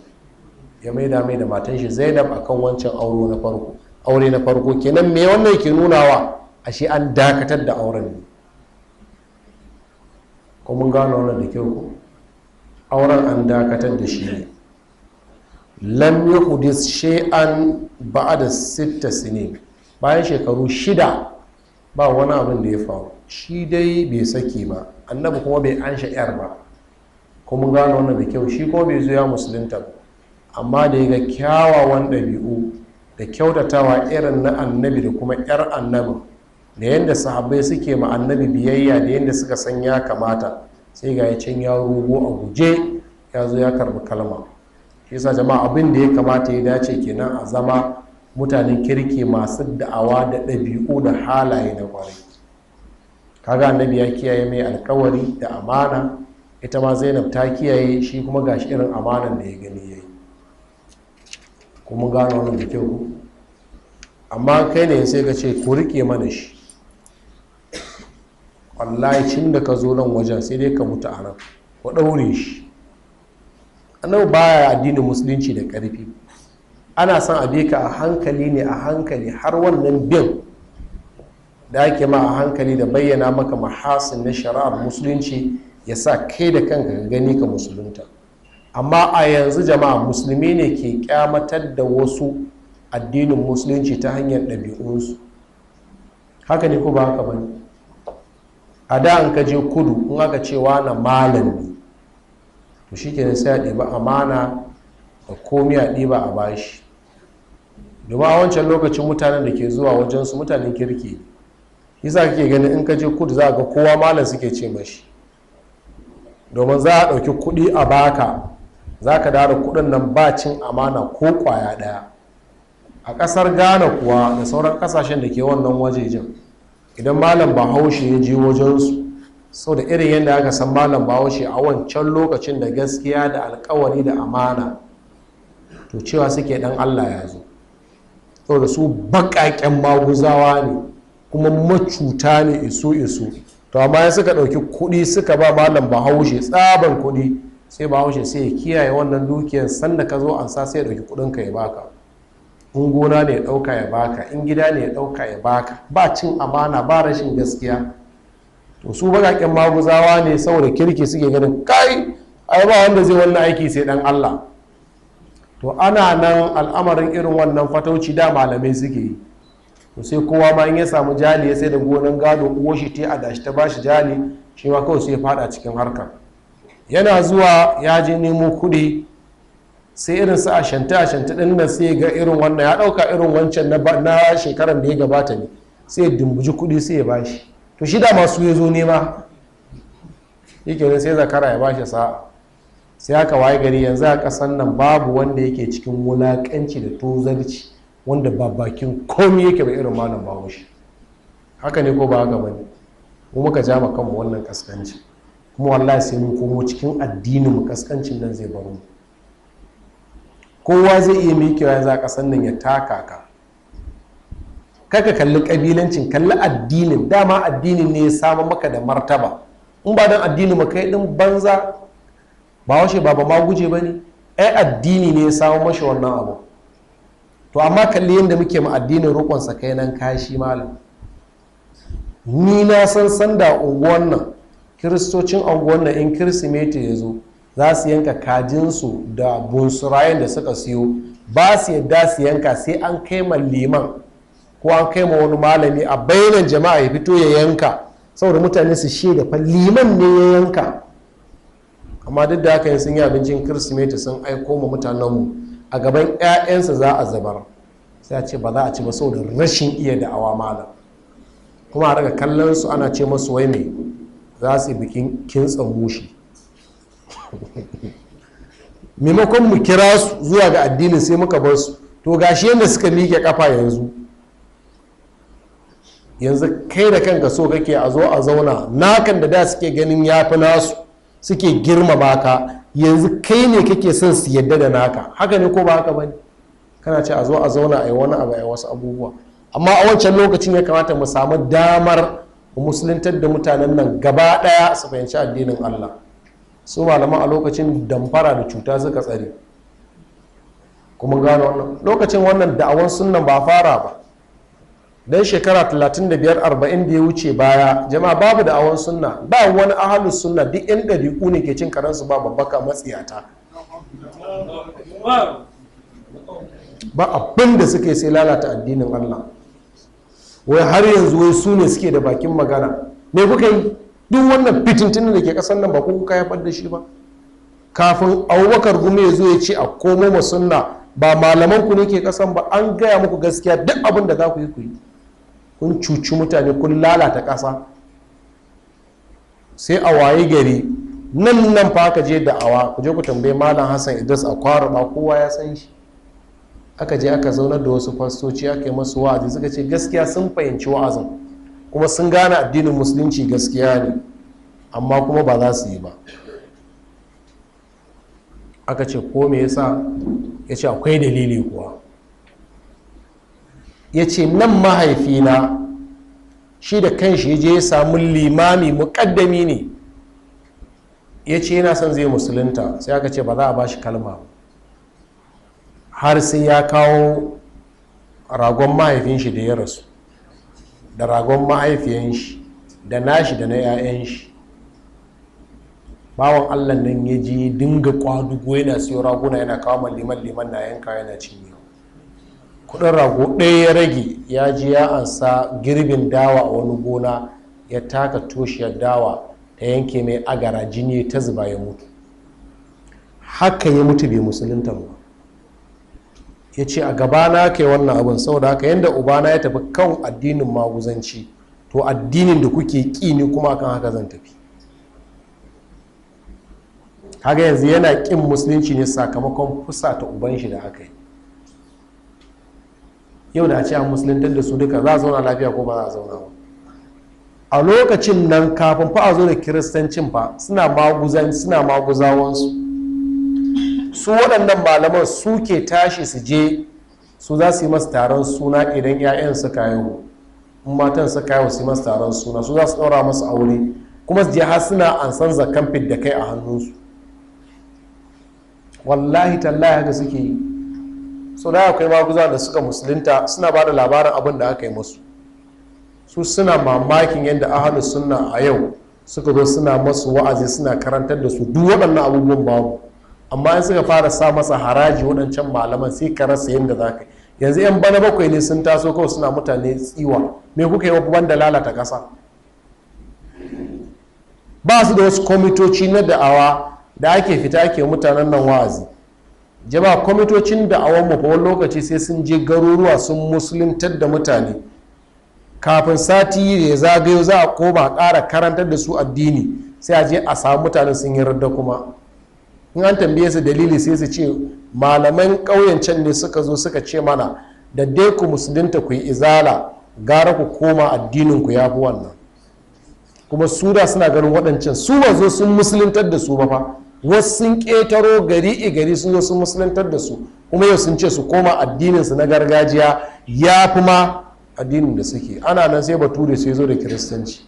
ya maida maida matan shi zainab akan wancan aure na farko aure na farko kenan me wannan ke nunawa ashe an dakatar da auren ne ko mun gano wannan da kyau ko auren an dakatar da shi ne lam yuhdis shay'an ba'da sitta sinin bayan shekaru shida ba wani abin da ya faru shi dai bai saki ba annabi kuma bai an sha'yar ba kuma gano wannan da kyau shi kuma bai zo ya musulunta amma da ya ga kyawawan ɗabi'u da kyautatawa irin na annabi da kuma 'yar annabi da yadda sahabbai suke ma annabi biyayya da yadda suka san ya kamata sai ga ya can ya rugo a guje ya zo ya karbi kalma shi yasa jama'a abin da ya kamata ya dace kenan a zama mutanen kirki masu da'awa da ɗabi'u da halaye na kwarai kaga annabi ya kiyaye mai alkawari da amana ita ma zainab ta kiyaye shi kuma ga shi irin amanan da ya gani ya yi kuma gano wannan da kyau amma kai ne sai ka ce ku rike mana shi wallahi cin da ka zo nan wajen sai dai ka mutu a nan ku ɗaure shi annabi baya addinin musulunci da ƙarfi ana son a bi ka a hankali ne a hankali har wannan bin da ake ma a hankali da bayyana maka mahasin na shari'ar musulunci ya sa kai da kanka ka gani ka musulunta amma a yanzu jama'a musulmi ne ke kyamatar da wasu addinin musulunci ta hanyar ɗabi'unsu haka ne ko ba haka ba a da an ka je kudu in aka ce na malam ne to shi ke sai a ɗiba amana da komi a ɗiba a bashi domin a wancan lokacin mutanen da ke zuwa wajensu mutanen kirki ne za kake ganin in ka je kudu za ga kowa malam suke ce mashi domin za a ɗauki kuɗi a baka za ka dara kuɗin nan bacin amana ko kwaya ɗaya a ƙasar ghana kuwa da sauran ƙasashen da ke wannan wajejen idan malam bahaushe ya je wajensu sau da irin yadda aka san malam bahaushe a wancan lokacin da gaskiya da alkawari da amana to cewa suke dan allah ya zo da su baƙaƙen maguzawa ne kuma macuta ne iso-iso. to amma ya suka ɗauki kuɗi suka ba malam bahaushe tsaban kuɗi sai bahaushe sai ya kiyaye wannan dukiyar sanda ka zo an sa sai ya ɗauki kuɗin ka ya baka in gona ne ya ɗauka ya baka in gida ne ya ɗauka ya baka ba cin amana ba rashin gaskiya to su baƙaƙen maguzawa ne saboda kirki suke ganin kai ai ba wanda zai wannan aiki sai dan Allah to ana nan al'amarin irin wannan fatauci da malamai suke yi to sai kowa ma in ya samu jali ya sai da gonan gado uwar shi ta adashi ta bashi jali shi ma kawai sai ya fada cikin harka yana zuwa ya je nemo kuɗi sai irin su ashanta ashanta din nan sai ga irin wannan ya dauka irin wancan na shekaran da ya gabata ne sai ya dumbuji kuɗi sai ya bashi to shi da masu ya zo nema yake wani sai zakara ya bashi sa sai aka waye gari yanzu a kasan nan babu wanda yake cikin wulakanci da tozarci wanda ba bakin komi yake ba irin malam bahaushe haka ne ko ba haka ba ne mu muka ja ma kanmu wannan kaskanci kuma wallahi sai mun komo cikin addinin mu kaskancin nan zai baro mu kowa zai iya mikewa yanzu za ƙasar nan ya taka ka ka kalli kabilancin kalli addinin dama addinin ne ya samu maka da martaba in ba don addinin mu kai din banza ba washe ba ba ma guje bane ne ai addini ne ya samu mashi wannan abu to amma kalli yadda muke ma addinin roƙon sa kai nan kashi malam ni na san sanda unguwan nan kiristocin unguwan nan in kirsimeti ya zo za su yanka kajinsu da bunsurayen da suka siyo ba su yadda su yanka sai an kai ma liman ko an kai ma wani malami a bainan jama'a ya fito ya yanka saboda mutane su shi da liman ne ya yanka amma duk da haka sun yi abincin kirsimeti sun aiko ma mutanenmu a gaban 'ya'yansa za a zabar sai a ce ba za a ci ba saboda rashin iya da'awa malam kuma a daga kallon su ana ce masu wai mai za su bikin kintsa mushi maimakon mu kira su zuwa ga addinin sai muka bar su to gashi yadda suka miƙe kafa yanzu yanzu kai da kanka so kake a zo a zauna nakan da da suke ganin ya fi nasu suke girmama ka yanzu kai ne kake son su yadda da naka haka ne ko ba haka ne kana ce a zo a zauna a yi wani abu a yi wasu abubuwa amma a wancan lokacin ya kamata mu samu damar mu musuluntar da mutanen nan gaba daya su fahimci addinin Allah su malaman a lokacin damfara da cuta suka tsare kuma gano wannan lokacin wannan da'awan sunnan ba fara ba dan shekara 35-40 da ya wuce baya jama'a babu da awon sunna ba wani ahalus sunna duk yan ɗariku ne ke cin karansu ba babbaka matsiyata ba abin da suke sai lalata addinin allah wai har yanzu wai su ne suke da bakin magana me kuka yi duk wannan fitintunan da ke kasan nan ba ku kuka haifar da shi ba kafin abubakar gumi ya zo ya ce a komo sunna ba malaman ku ne ke kasan ba an gaya muku gaskiya duk abin da za ku yi ku yi kun cuci mutane kun lalata ƙasa sai a waye gari nan nan fa aka je da'awa ku je ku tambayi malam hassan idris a ba kowa ya san shi aka je aka zaunar da wasu fastoci aka yi masu wa'azi suka ce gaskiya sun fahimci wa'azin kuma sun gane addinin musulunci gaskiya ne amma kuma ba za su yi ba aka ce ko me yasa ya ce akwai dalili kuwa ya ce nan mahaifina shi da kanshi ya je ya samu limami muƙaddami ne ya ce yana son zai musulunta sai aka ce ba za a ba shi kalma har sai ya kawo ragon mahaifin shi da ya rasu da ragon mahaifiyan shi da nashi da na 'ya'yan shi bawan allah nan ya ji dinga kwadugo yana siyo raguna yana kawo malliman liman na yanka yana cinye kudin rago ɗaya ya rage ya ji ya ansa girbin dawa a wani gona ya taka toshiyar dawa ta yanke mai agara jini ta zuba ya mutu haka ya mutu bai musulunta ba ya ce a gabana kai wannan abin saboda haka yadda ubana ya tafi kan addinin maguzanci to addinin da kuke ƙi ne kuma kan haka zan tafi haka yanzu yana ƙin musulunci ne sakamakon fusa ta uban shi da aka yi yau da a ce an musulunta da su duka za a zauna lafiya ko ba za a zauna ba a lokacin nan kafin fa a zo da kiristancin fa suna maguzan suna maguzawansu su waɗannan malaman su ke tashi su je su za su yi masu taron suna idan 'ya'yan suka haihu in matan suka haihu su yi masu taron suna su za su ɗaura masu aure kuma su je har suna ansan zakan da kai a hannunsu wallahi tallahi haka suke yi so da akwai maguza da suka musulunta suna ba da labarin abin da aka yi musu su suna mamakin yadda ahalus suna a yau suka zo suna masu wa'azi suna karantar da su duk waɗannan abubuwan babu amma in suka fara sa masa haraji waɗancan malaman sai ka rasa yadda za ka yanzu 'yan bana bakwai ne sun taso kawai suna mutane tsiwa me kuka yi wa da lalata ƙasa ba su da wasu kwamitoci na da'awa da ake fita ake mutanen nan wa'azi jama'a kwamitocin da awon mu lokaci sai sun je garuruwa sun musuluntar da mutane kafin sati da ya zagayo za a koma a ƙara karantar da su addini sai a je a samu mutane sun yi radda kuma in an tambaye su dalili sai su ce malaman ƙauyen can ne suka zo suka ce mana da dai ku musulunta ku yi izala gara ku koma addinin ku ya fi wannan kuma su da suna ganin waɗancan su ba zo sun musuluntar da su ba fa wasu sun ƙetaro gari i gari sun zo sun musulantar da su kuma yau sun ce su koma addininsu na gargajiya ya fi ma addinin da suke ana nan sai bature sai zo da kiristanci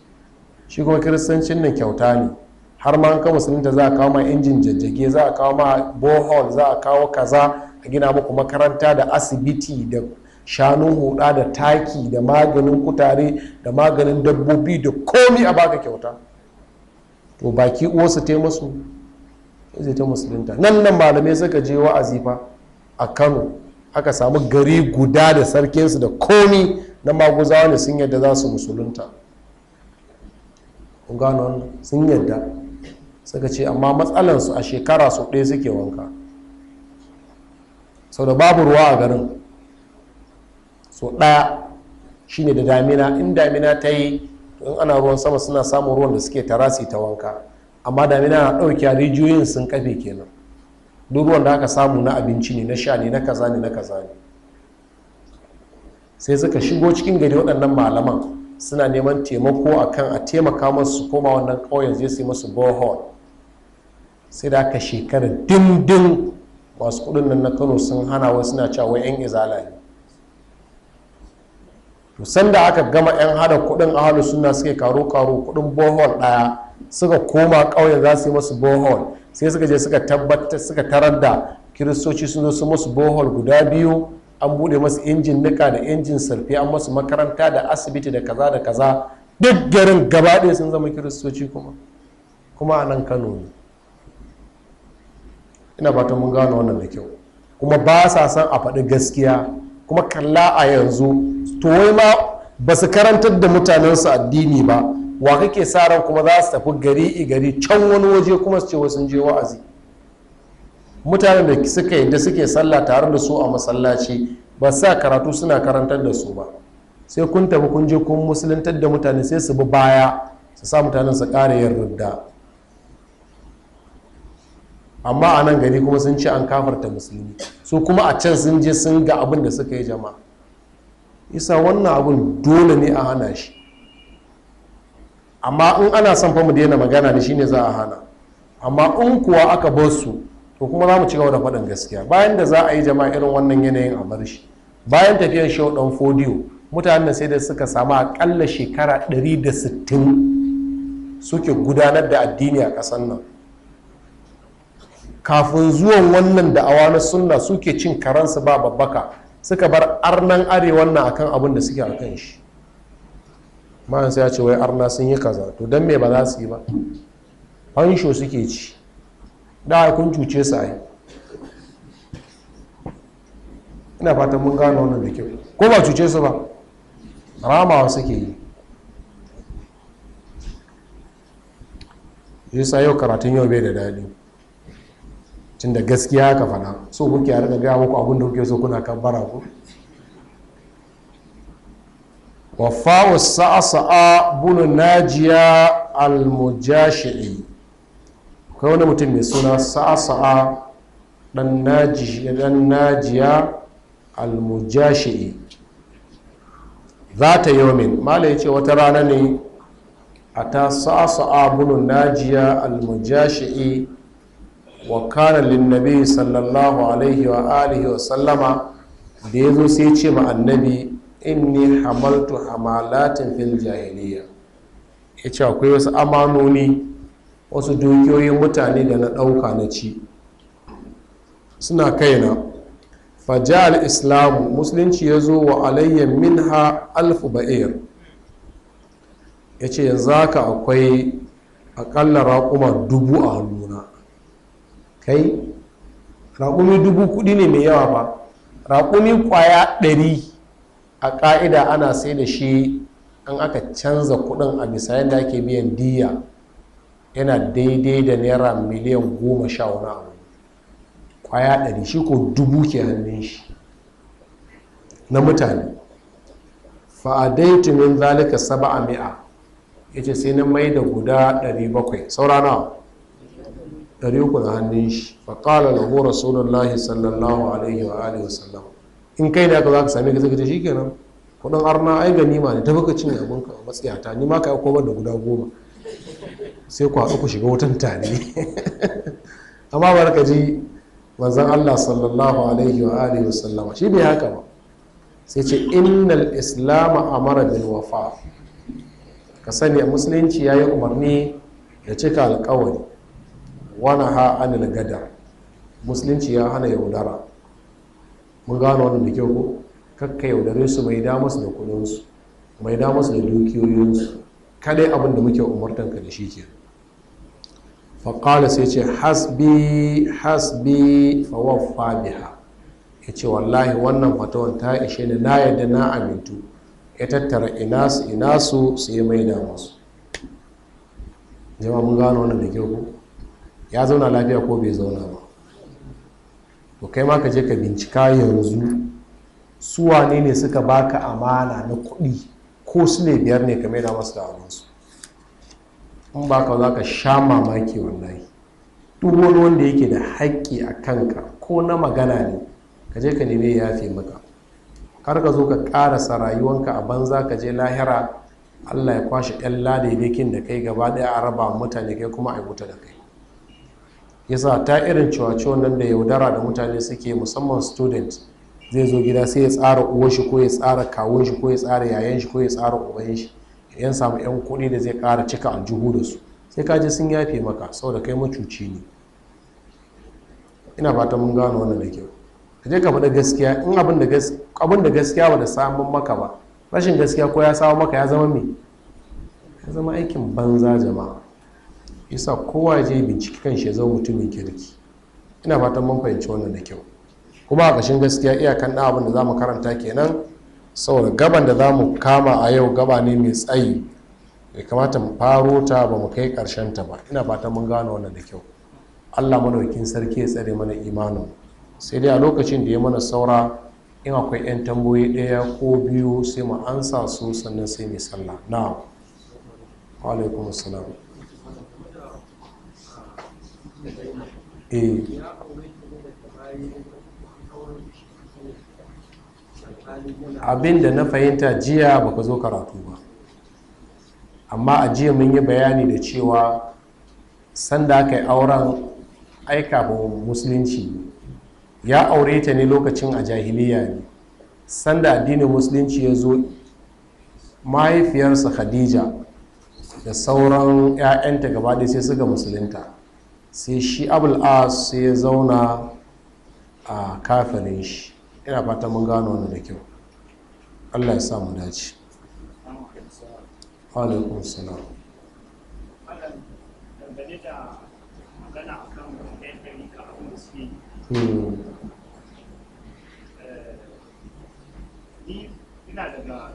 shi kuma kiristancin nan kyauta ne har ma an ka musulunta za a kawo ma injin jajjage za a kawo ma bohol za a kawo kaza a gina muku makaranta da asibiti da shanun huda da taki da maganin kutare da maganin dabbobi da komi a baka kyauta to baki uwarsu ta masu zai ta musulunta nan nan malamai suka je wa'azi fa a kano aka samu gari guda da sarkinsu da komi na maguzawa ne sun yadda za su musulunta gano sun yadda suka ce amma matsalansu a shekara su ɗaya suke wanka sau da babu ruwa a garin su ɗaya shine da damina in damina ta yi in ana ruwan sama suna samun ruwan da suke tarasi ta wanka amma damina na ɗauke rijiyoyin sun kafe kenan duk ruwan da aka samu na abinci ne na sha ne na kaza ne na kaza ne sai suka shigo cikin gari waɗannan malaman suna neman taimako akan a taimaka masu koma wannan ƙauyen zai sai masu bohol sai da aka shekara dindin masu kudin nan na kano sun hana wasu suna cewa yan izala ne to sanda aka gama yan hada kudin ahalu suna suke karo karo kuɗin bohol ɗaya. suka koma ƙauye za su yi masu bohol sai suka je suka tabbata suka tarar da kiristoci sun zo su masu bohol guda biyu an bude masu injin nika da injin sarfi an masu makaranta da asibiti da kaza da kaza duk garin gaba ɗaya sun zama kiristoci kuma kuma a nan kano ne ina fatan mun gano wannan da kyau kuma ba sa son a faɗi gaskiya kuma kalla a yanzu to wai ma ba su karantar da mutanensu addini ba wa kake sa ran kuma za su tafi gari i gari can wani waje kuma su ce wasu je wa'azi mutanen da suka yadda suke sallah tare da su a masallaci ba sa karatu suna karantar da su ba sai kun tafi kun je kun musuluntar da mutane sai su bi baya su sa mutanen su kare yin rudda amma a nan gari kuma sun ce an kafarta musulmi su kuma a can sun je sun ga abin da suka yi jama'a isa wannan abin dole ne a hana shi amma in ana son famu mu daina magana ne shine za a hana amma in kuwa aka bar su to kuma za mu ci gaba da faɗin gaskiya bayan da za a yi jama'a irin wannan yanayin a bar shi bayan tafiyar shau dan fodiyo mutanen sai da suka samu aƙalla shekara 160 suke gudanar da addini a ƙasar nan kafin zuwan wannan da awa na sunna suke cin karansu ba babbaka suka bar arnan arewan nan akan abin da suke akan shi ma'an sai ya ce wai arna sun yi kaza to don me ba za su yi ba fansho suke ci da kun cuce su ai ina fatan mun gano wannan da kyau ko ba cuce su ba ramawa suke yi yasa yau karatun yau bai da daɗi tun da gaskiya ka fana so kuke a riga gaya muku abin da kuke so kuna kan bara ku وفاو السعسع بن ناجية المجاشعي كون متم سنة سعسع dan najiya almujashi'i za ta yomin mala ya ce wata rana ne a ta sa'asa abunan najiya almujashi'i wa kanan linnabi sallallahu alaihi wa alihi wa sallama da ya zo sai ce ma annabi inni hamaltu hamalatin fil jahiliya ya ce akwai wasu amanoni wasu dukiyoyin mutane da na ɗauka na ci suna kaina fajal islamu musulunci ya zo wa alayya minha alfu ba'ir ya ce yanzu haka akwai akalla raƙuma dubu a hannuna kai raƙumi dubu kuɗi ne mai yawa ba raƙumi ƙwaya ɗari a ƙa'ida ana sai da shi an aka canza kuɗin a bisa yadda ake biyan diya yana daidai da naira miliyan goma sha wani abu kwaya ɗari shi ko dubu ke hannun shi na mutane fa'adaitu min zalika a mi'a ya ce sai na mai da guda 700 saurana 300 na hannun shi faƙalar lahu rasulullahi sallallahu alaihi wa alihi wasallam in kai ne ka za ka sami ka shi shikenan kudin arna ai ganima ne tafi ka cin abin ka matsiyata ni ma ka komar da guda goma sai ku haɗu ku shiga wutan tare amma bar ka ji wanzan Allah sallallahu alaihi wa alihi wa sallama shi bai haka ba sai ce innal islam amara bil wafa ka sani a musulunci ya yi umarni da cika alkawari wana ha anil gadar musulunci ya hana yaudara mun gano wannan da kyau ko kakka yaudare su mai da masu da kudinsu mai da masu da dukiyoyinsu kadai abin da muke umartan ka da shi ke faƙala sai ce hasbi hasbi fawaffa biha ya ce wallahi wannan fatawan ta ishe ni na yadda na amintu ya tattara inasu inasu su yi mai da masu jama'a mun gano wannan da kyau ko ya zauna lafiya ko bai zauna ba to kai ma ka je ka bincika yanzu su wane ne suka baka amana na kuɗi ko su ne biyar ne ka da masu damansu in ba ka za ka sha mamaki wallahi duk wani wanda yake da haƙƙi a kanka ko na magana ne ka je ka neme ya fi maka kar ka zo ka ƙarasa rayuwanka a banza ka je lahira allah ya kwashe 'yan ladai da kai gaba ɗaya a raba mutane kai kuma a yi wuta da kai yasa ta irin cewa nan da yaudara da mutane suke musamman student zai zo gida sai ya tsara uwar shi ko ya tsara kawun shi ko ya tsara yayan shi ko ya tsara uban shi yan samu yan kuɗi da zai ƙara cika aljihu da su sai ka ji sun yafe maka saboda kai macuci ne ina fata mun gano wannan da kyau ka je ka faɗi gaskiya in abin da gaskiya ba da samun maka ba rashin gaskiya ko ya samu maka ya zama me ya zama aikin banza jama'a yasa kowa ya je binciki kan shi ya mutumin kirki ina fatan mun fahimci wannan da kyau kuma a ƙashin gaskiya iyakan ɗan abin da za mu karanta kenan saboda gaban da za mu kama a yau gaba ne mai tsayi bai kamata mu faro ta ba mu kai ƙarshen ta ba ina fatan mun gano wannan da kyau allah madaukin sarki ya tsare mana imanin sai dai a lokacin da ya mana saura in akwai 'yan tamboyi ɗaya ko biyu sai mu ansa su sannan sai mai sallah na alaikum eh abin na fahimta jiya baka zo karatu ba amma a jiya mun yi bayani da cewa sanda aka yi auren aika ba musulunci ya aure ta ne lokacin a jahiliya ne sanda addinin musulunci ya zo mahaifiyarsa khadija da sauran 'ya'yanta gaba sai suka musulunta sai shi abul as sai ya zauna a kafirin shi ina fata mun gano wani da kyau allah ya samu dace alaikun salam ina daga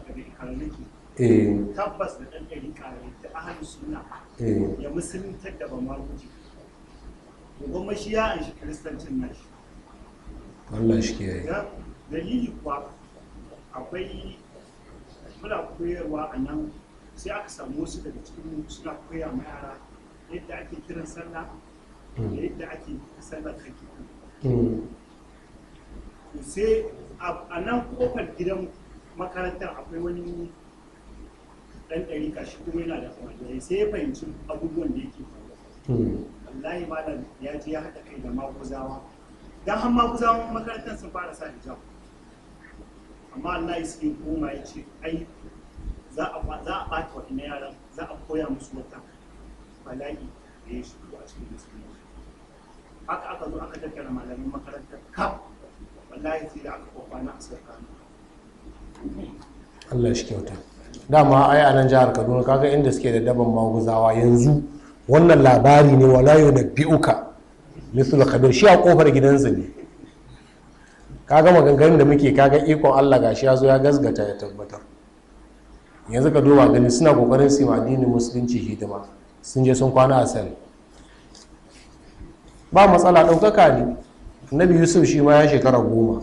tabbas da ɗan ɗari ƙarfi ta ahalin suna ya musulun tattaba ba to gwamma shi ya an shi kiristancin nashi Allah shi dalili kuwa akwai muna koyarwa a nan sai aka samu wasu daga cikin suna koya ma yara yadda ake kiran sallah da hmm. yadda ake sallah kake hmm. sai a nan kofar gidan makarantar akwai wani ɗan ɗari kashi kuma yana da kwanaki sai ya fahimci abubuwan da yake faruwa hmm. wallahi malam ya je ya haɗa kai da maguzawa dan har maguzawa makarantar sun fara sa hijab amma Allah ya suke koma ya ce ai za a ɓata waɗanda yaran za a koya musu wata bala'i da ya shigo a cikin musulmi haka aka zo aka tattara malamin makarantar kaf wallahi sai da aka kwana a sarkanu Allah shi kyauta dama ai a nan jihar Kaduna kaga inda suke da daban maguzawa yanzu wannan labari ne wala bi'uka misal Kabir shi a kofar gidan gidansa Ka gama maganganun da muke kaga ikon Allah ga shi ya zo ya gazgata ya tabbatar yanzu ka duba gani suna kokarin su ma addinin musulunci hidima sun je sun kwana a sani ba matsala ɗaukaka ne Nabi yusuf shi ma ya shekara goma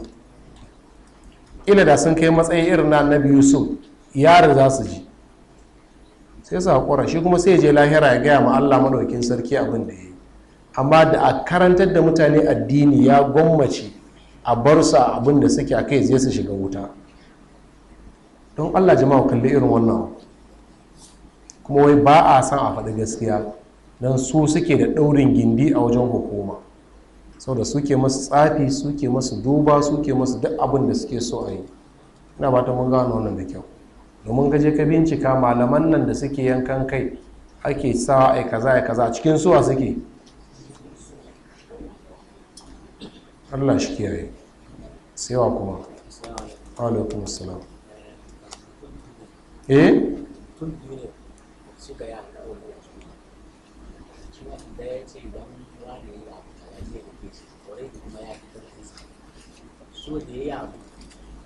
ila da sun kai matsayin irin na Nabi yusuf yara za su ji sai su haƙura shi kuma sai je lahira ya gaya ma allah madaukin sarki abin da ya yi amma da a karantar da mutane addini ya gwammace a bar su abin da suke a kai zai su shiga wuta don allah jama'a kalli irin wannan kuma wai ba a san a faɗi gaskiya don su suke da ɗaurin gindi a wajen hukuma saboda suke masu tsafi suke masu duba suke masu duk abin da suke so a yi ina ba ta mun gano wannan da kyau domin gaje ka bincika malaman nan da suke yankan kai ake sawa ai kaza ai kaza cikin suwa suke Allah shi kiyaye sai wa kuma alaikum salam eh so da ya yi abu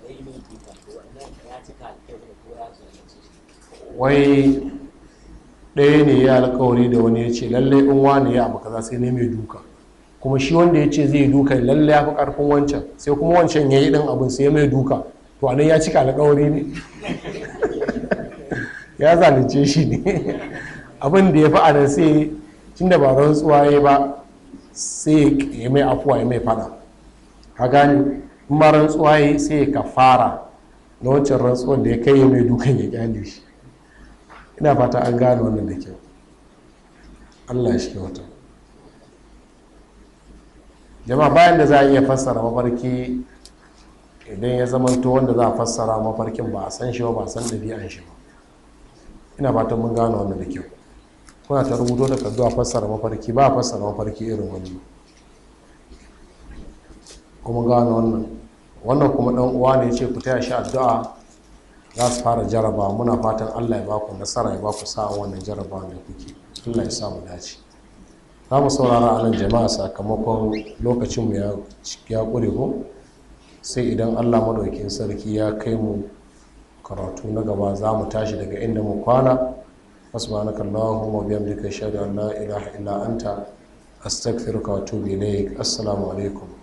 da yi mai duka wannan ya cika alkawarin wai ɗaya ne ya alkawari da wani ya ce lallai in wani ya abu kaza sai ne mai duka kuma shi wanda ya ce zai duka lallai ya fi ƙarfin wancan sai kuma wancan ya yi ɗan abin sai mai duka to anan ya cika alkawari ne ya zalunce shi ne abin da ya fi anan sai tun da ba rantsuwa ya ba sai ya mai afuwa ya mai fada ka gani in ba rantsuwa ya sai ka fara na wancan rantsuwan da ya kai mai dukan ya gyale shi ina fata an gane wannan da kyau allah shi wata jama'a bayan da za a iya fassara mafarki idan ya zamanto wanda za a fassara mafarkin ba a san shi ba ba a san ɗabi'an shi ba ina fata mun gane wannan da kyau kuna ta rubuto kaddu a fassara mafarki ba a fassara mafarki irin wani kuma gane wannan wannan kuma ɗan uwa ne ce ku taya shi addu'a za su fara jaraba muna fatan allah ya ba ku nasara ya ba ku sa wannan jaraba da kuke allah ya samu dace za mu saurara anan jama'a sakamakon lokacinmu ya kure ko sai idan allah maɗaukin sarki ya kai mu karatu na gaba za mu tashi daga inda mu kwana subhanaka allahumma bihamdika ashhadu an la ilaha illa anta astaghfiruka wa atubu ilayk assalamu alaikum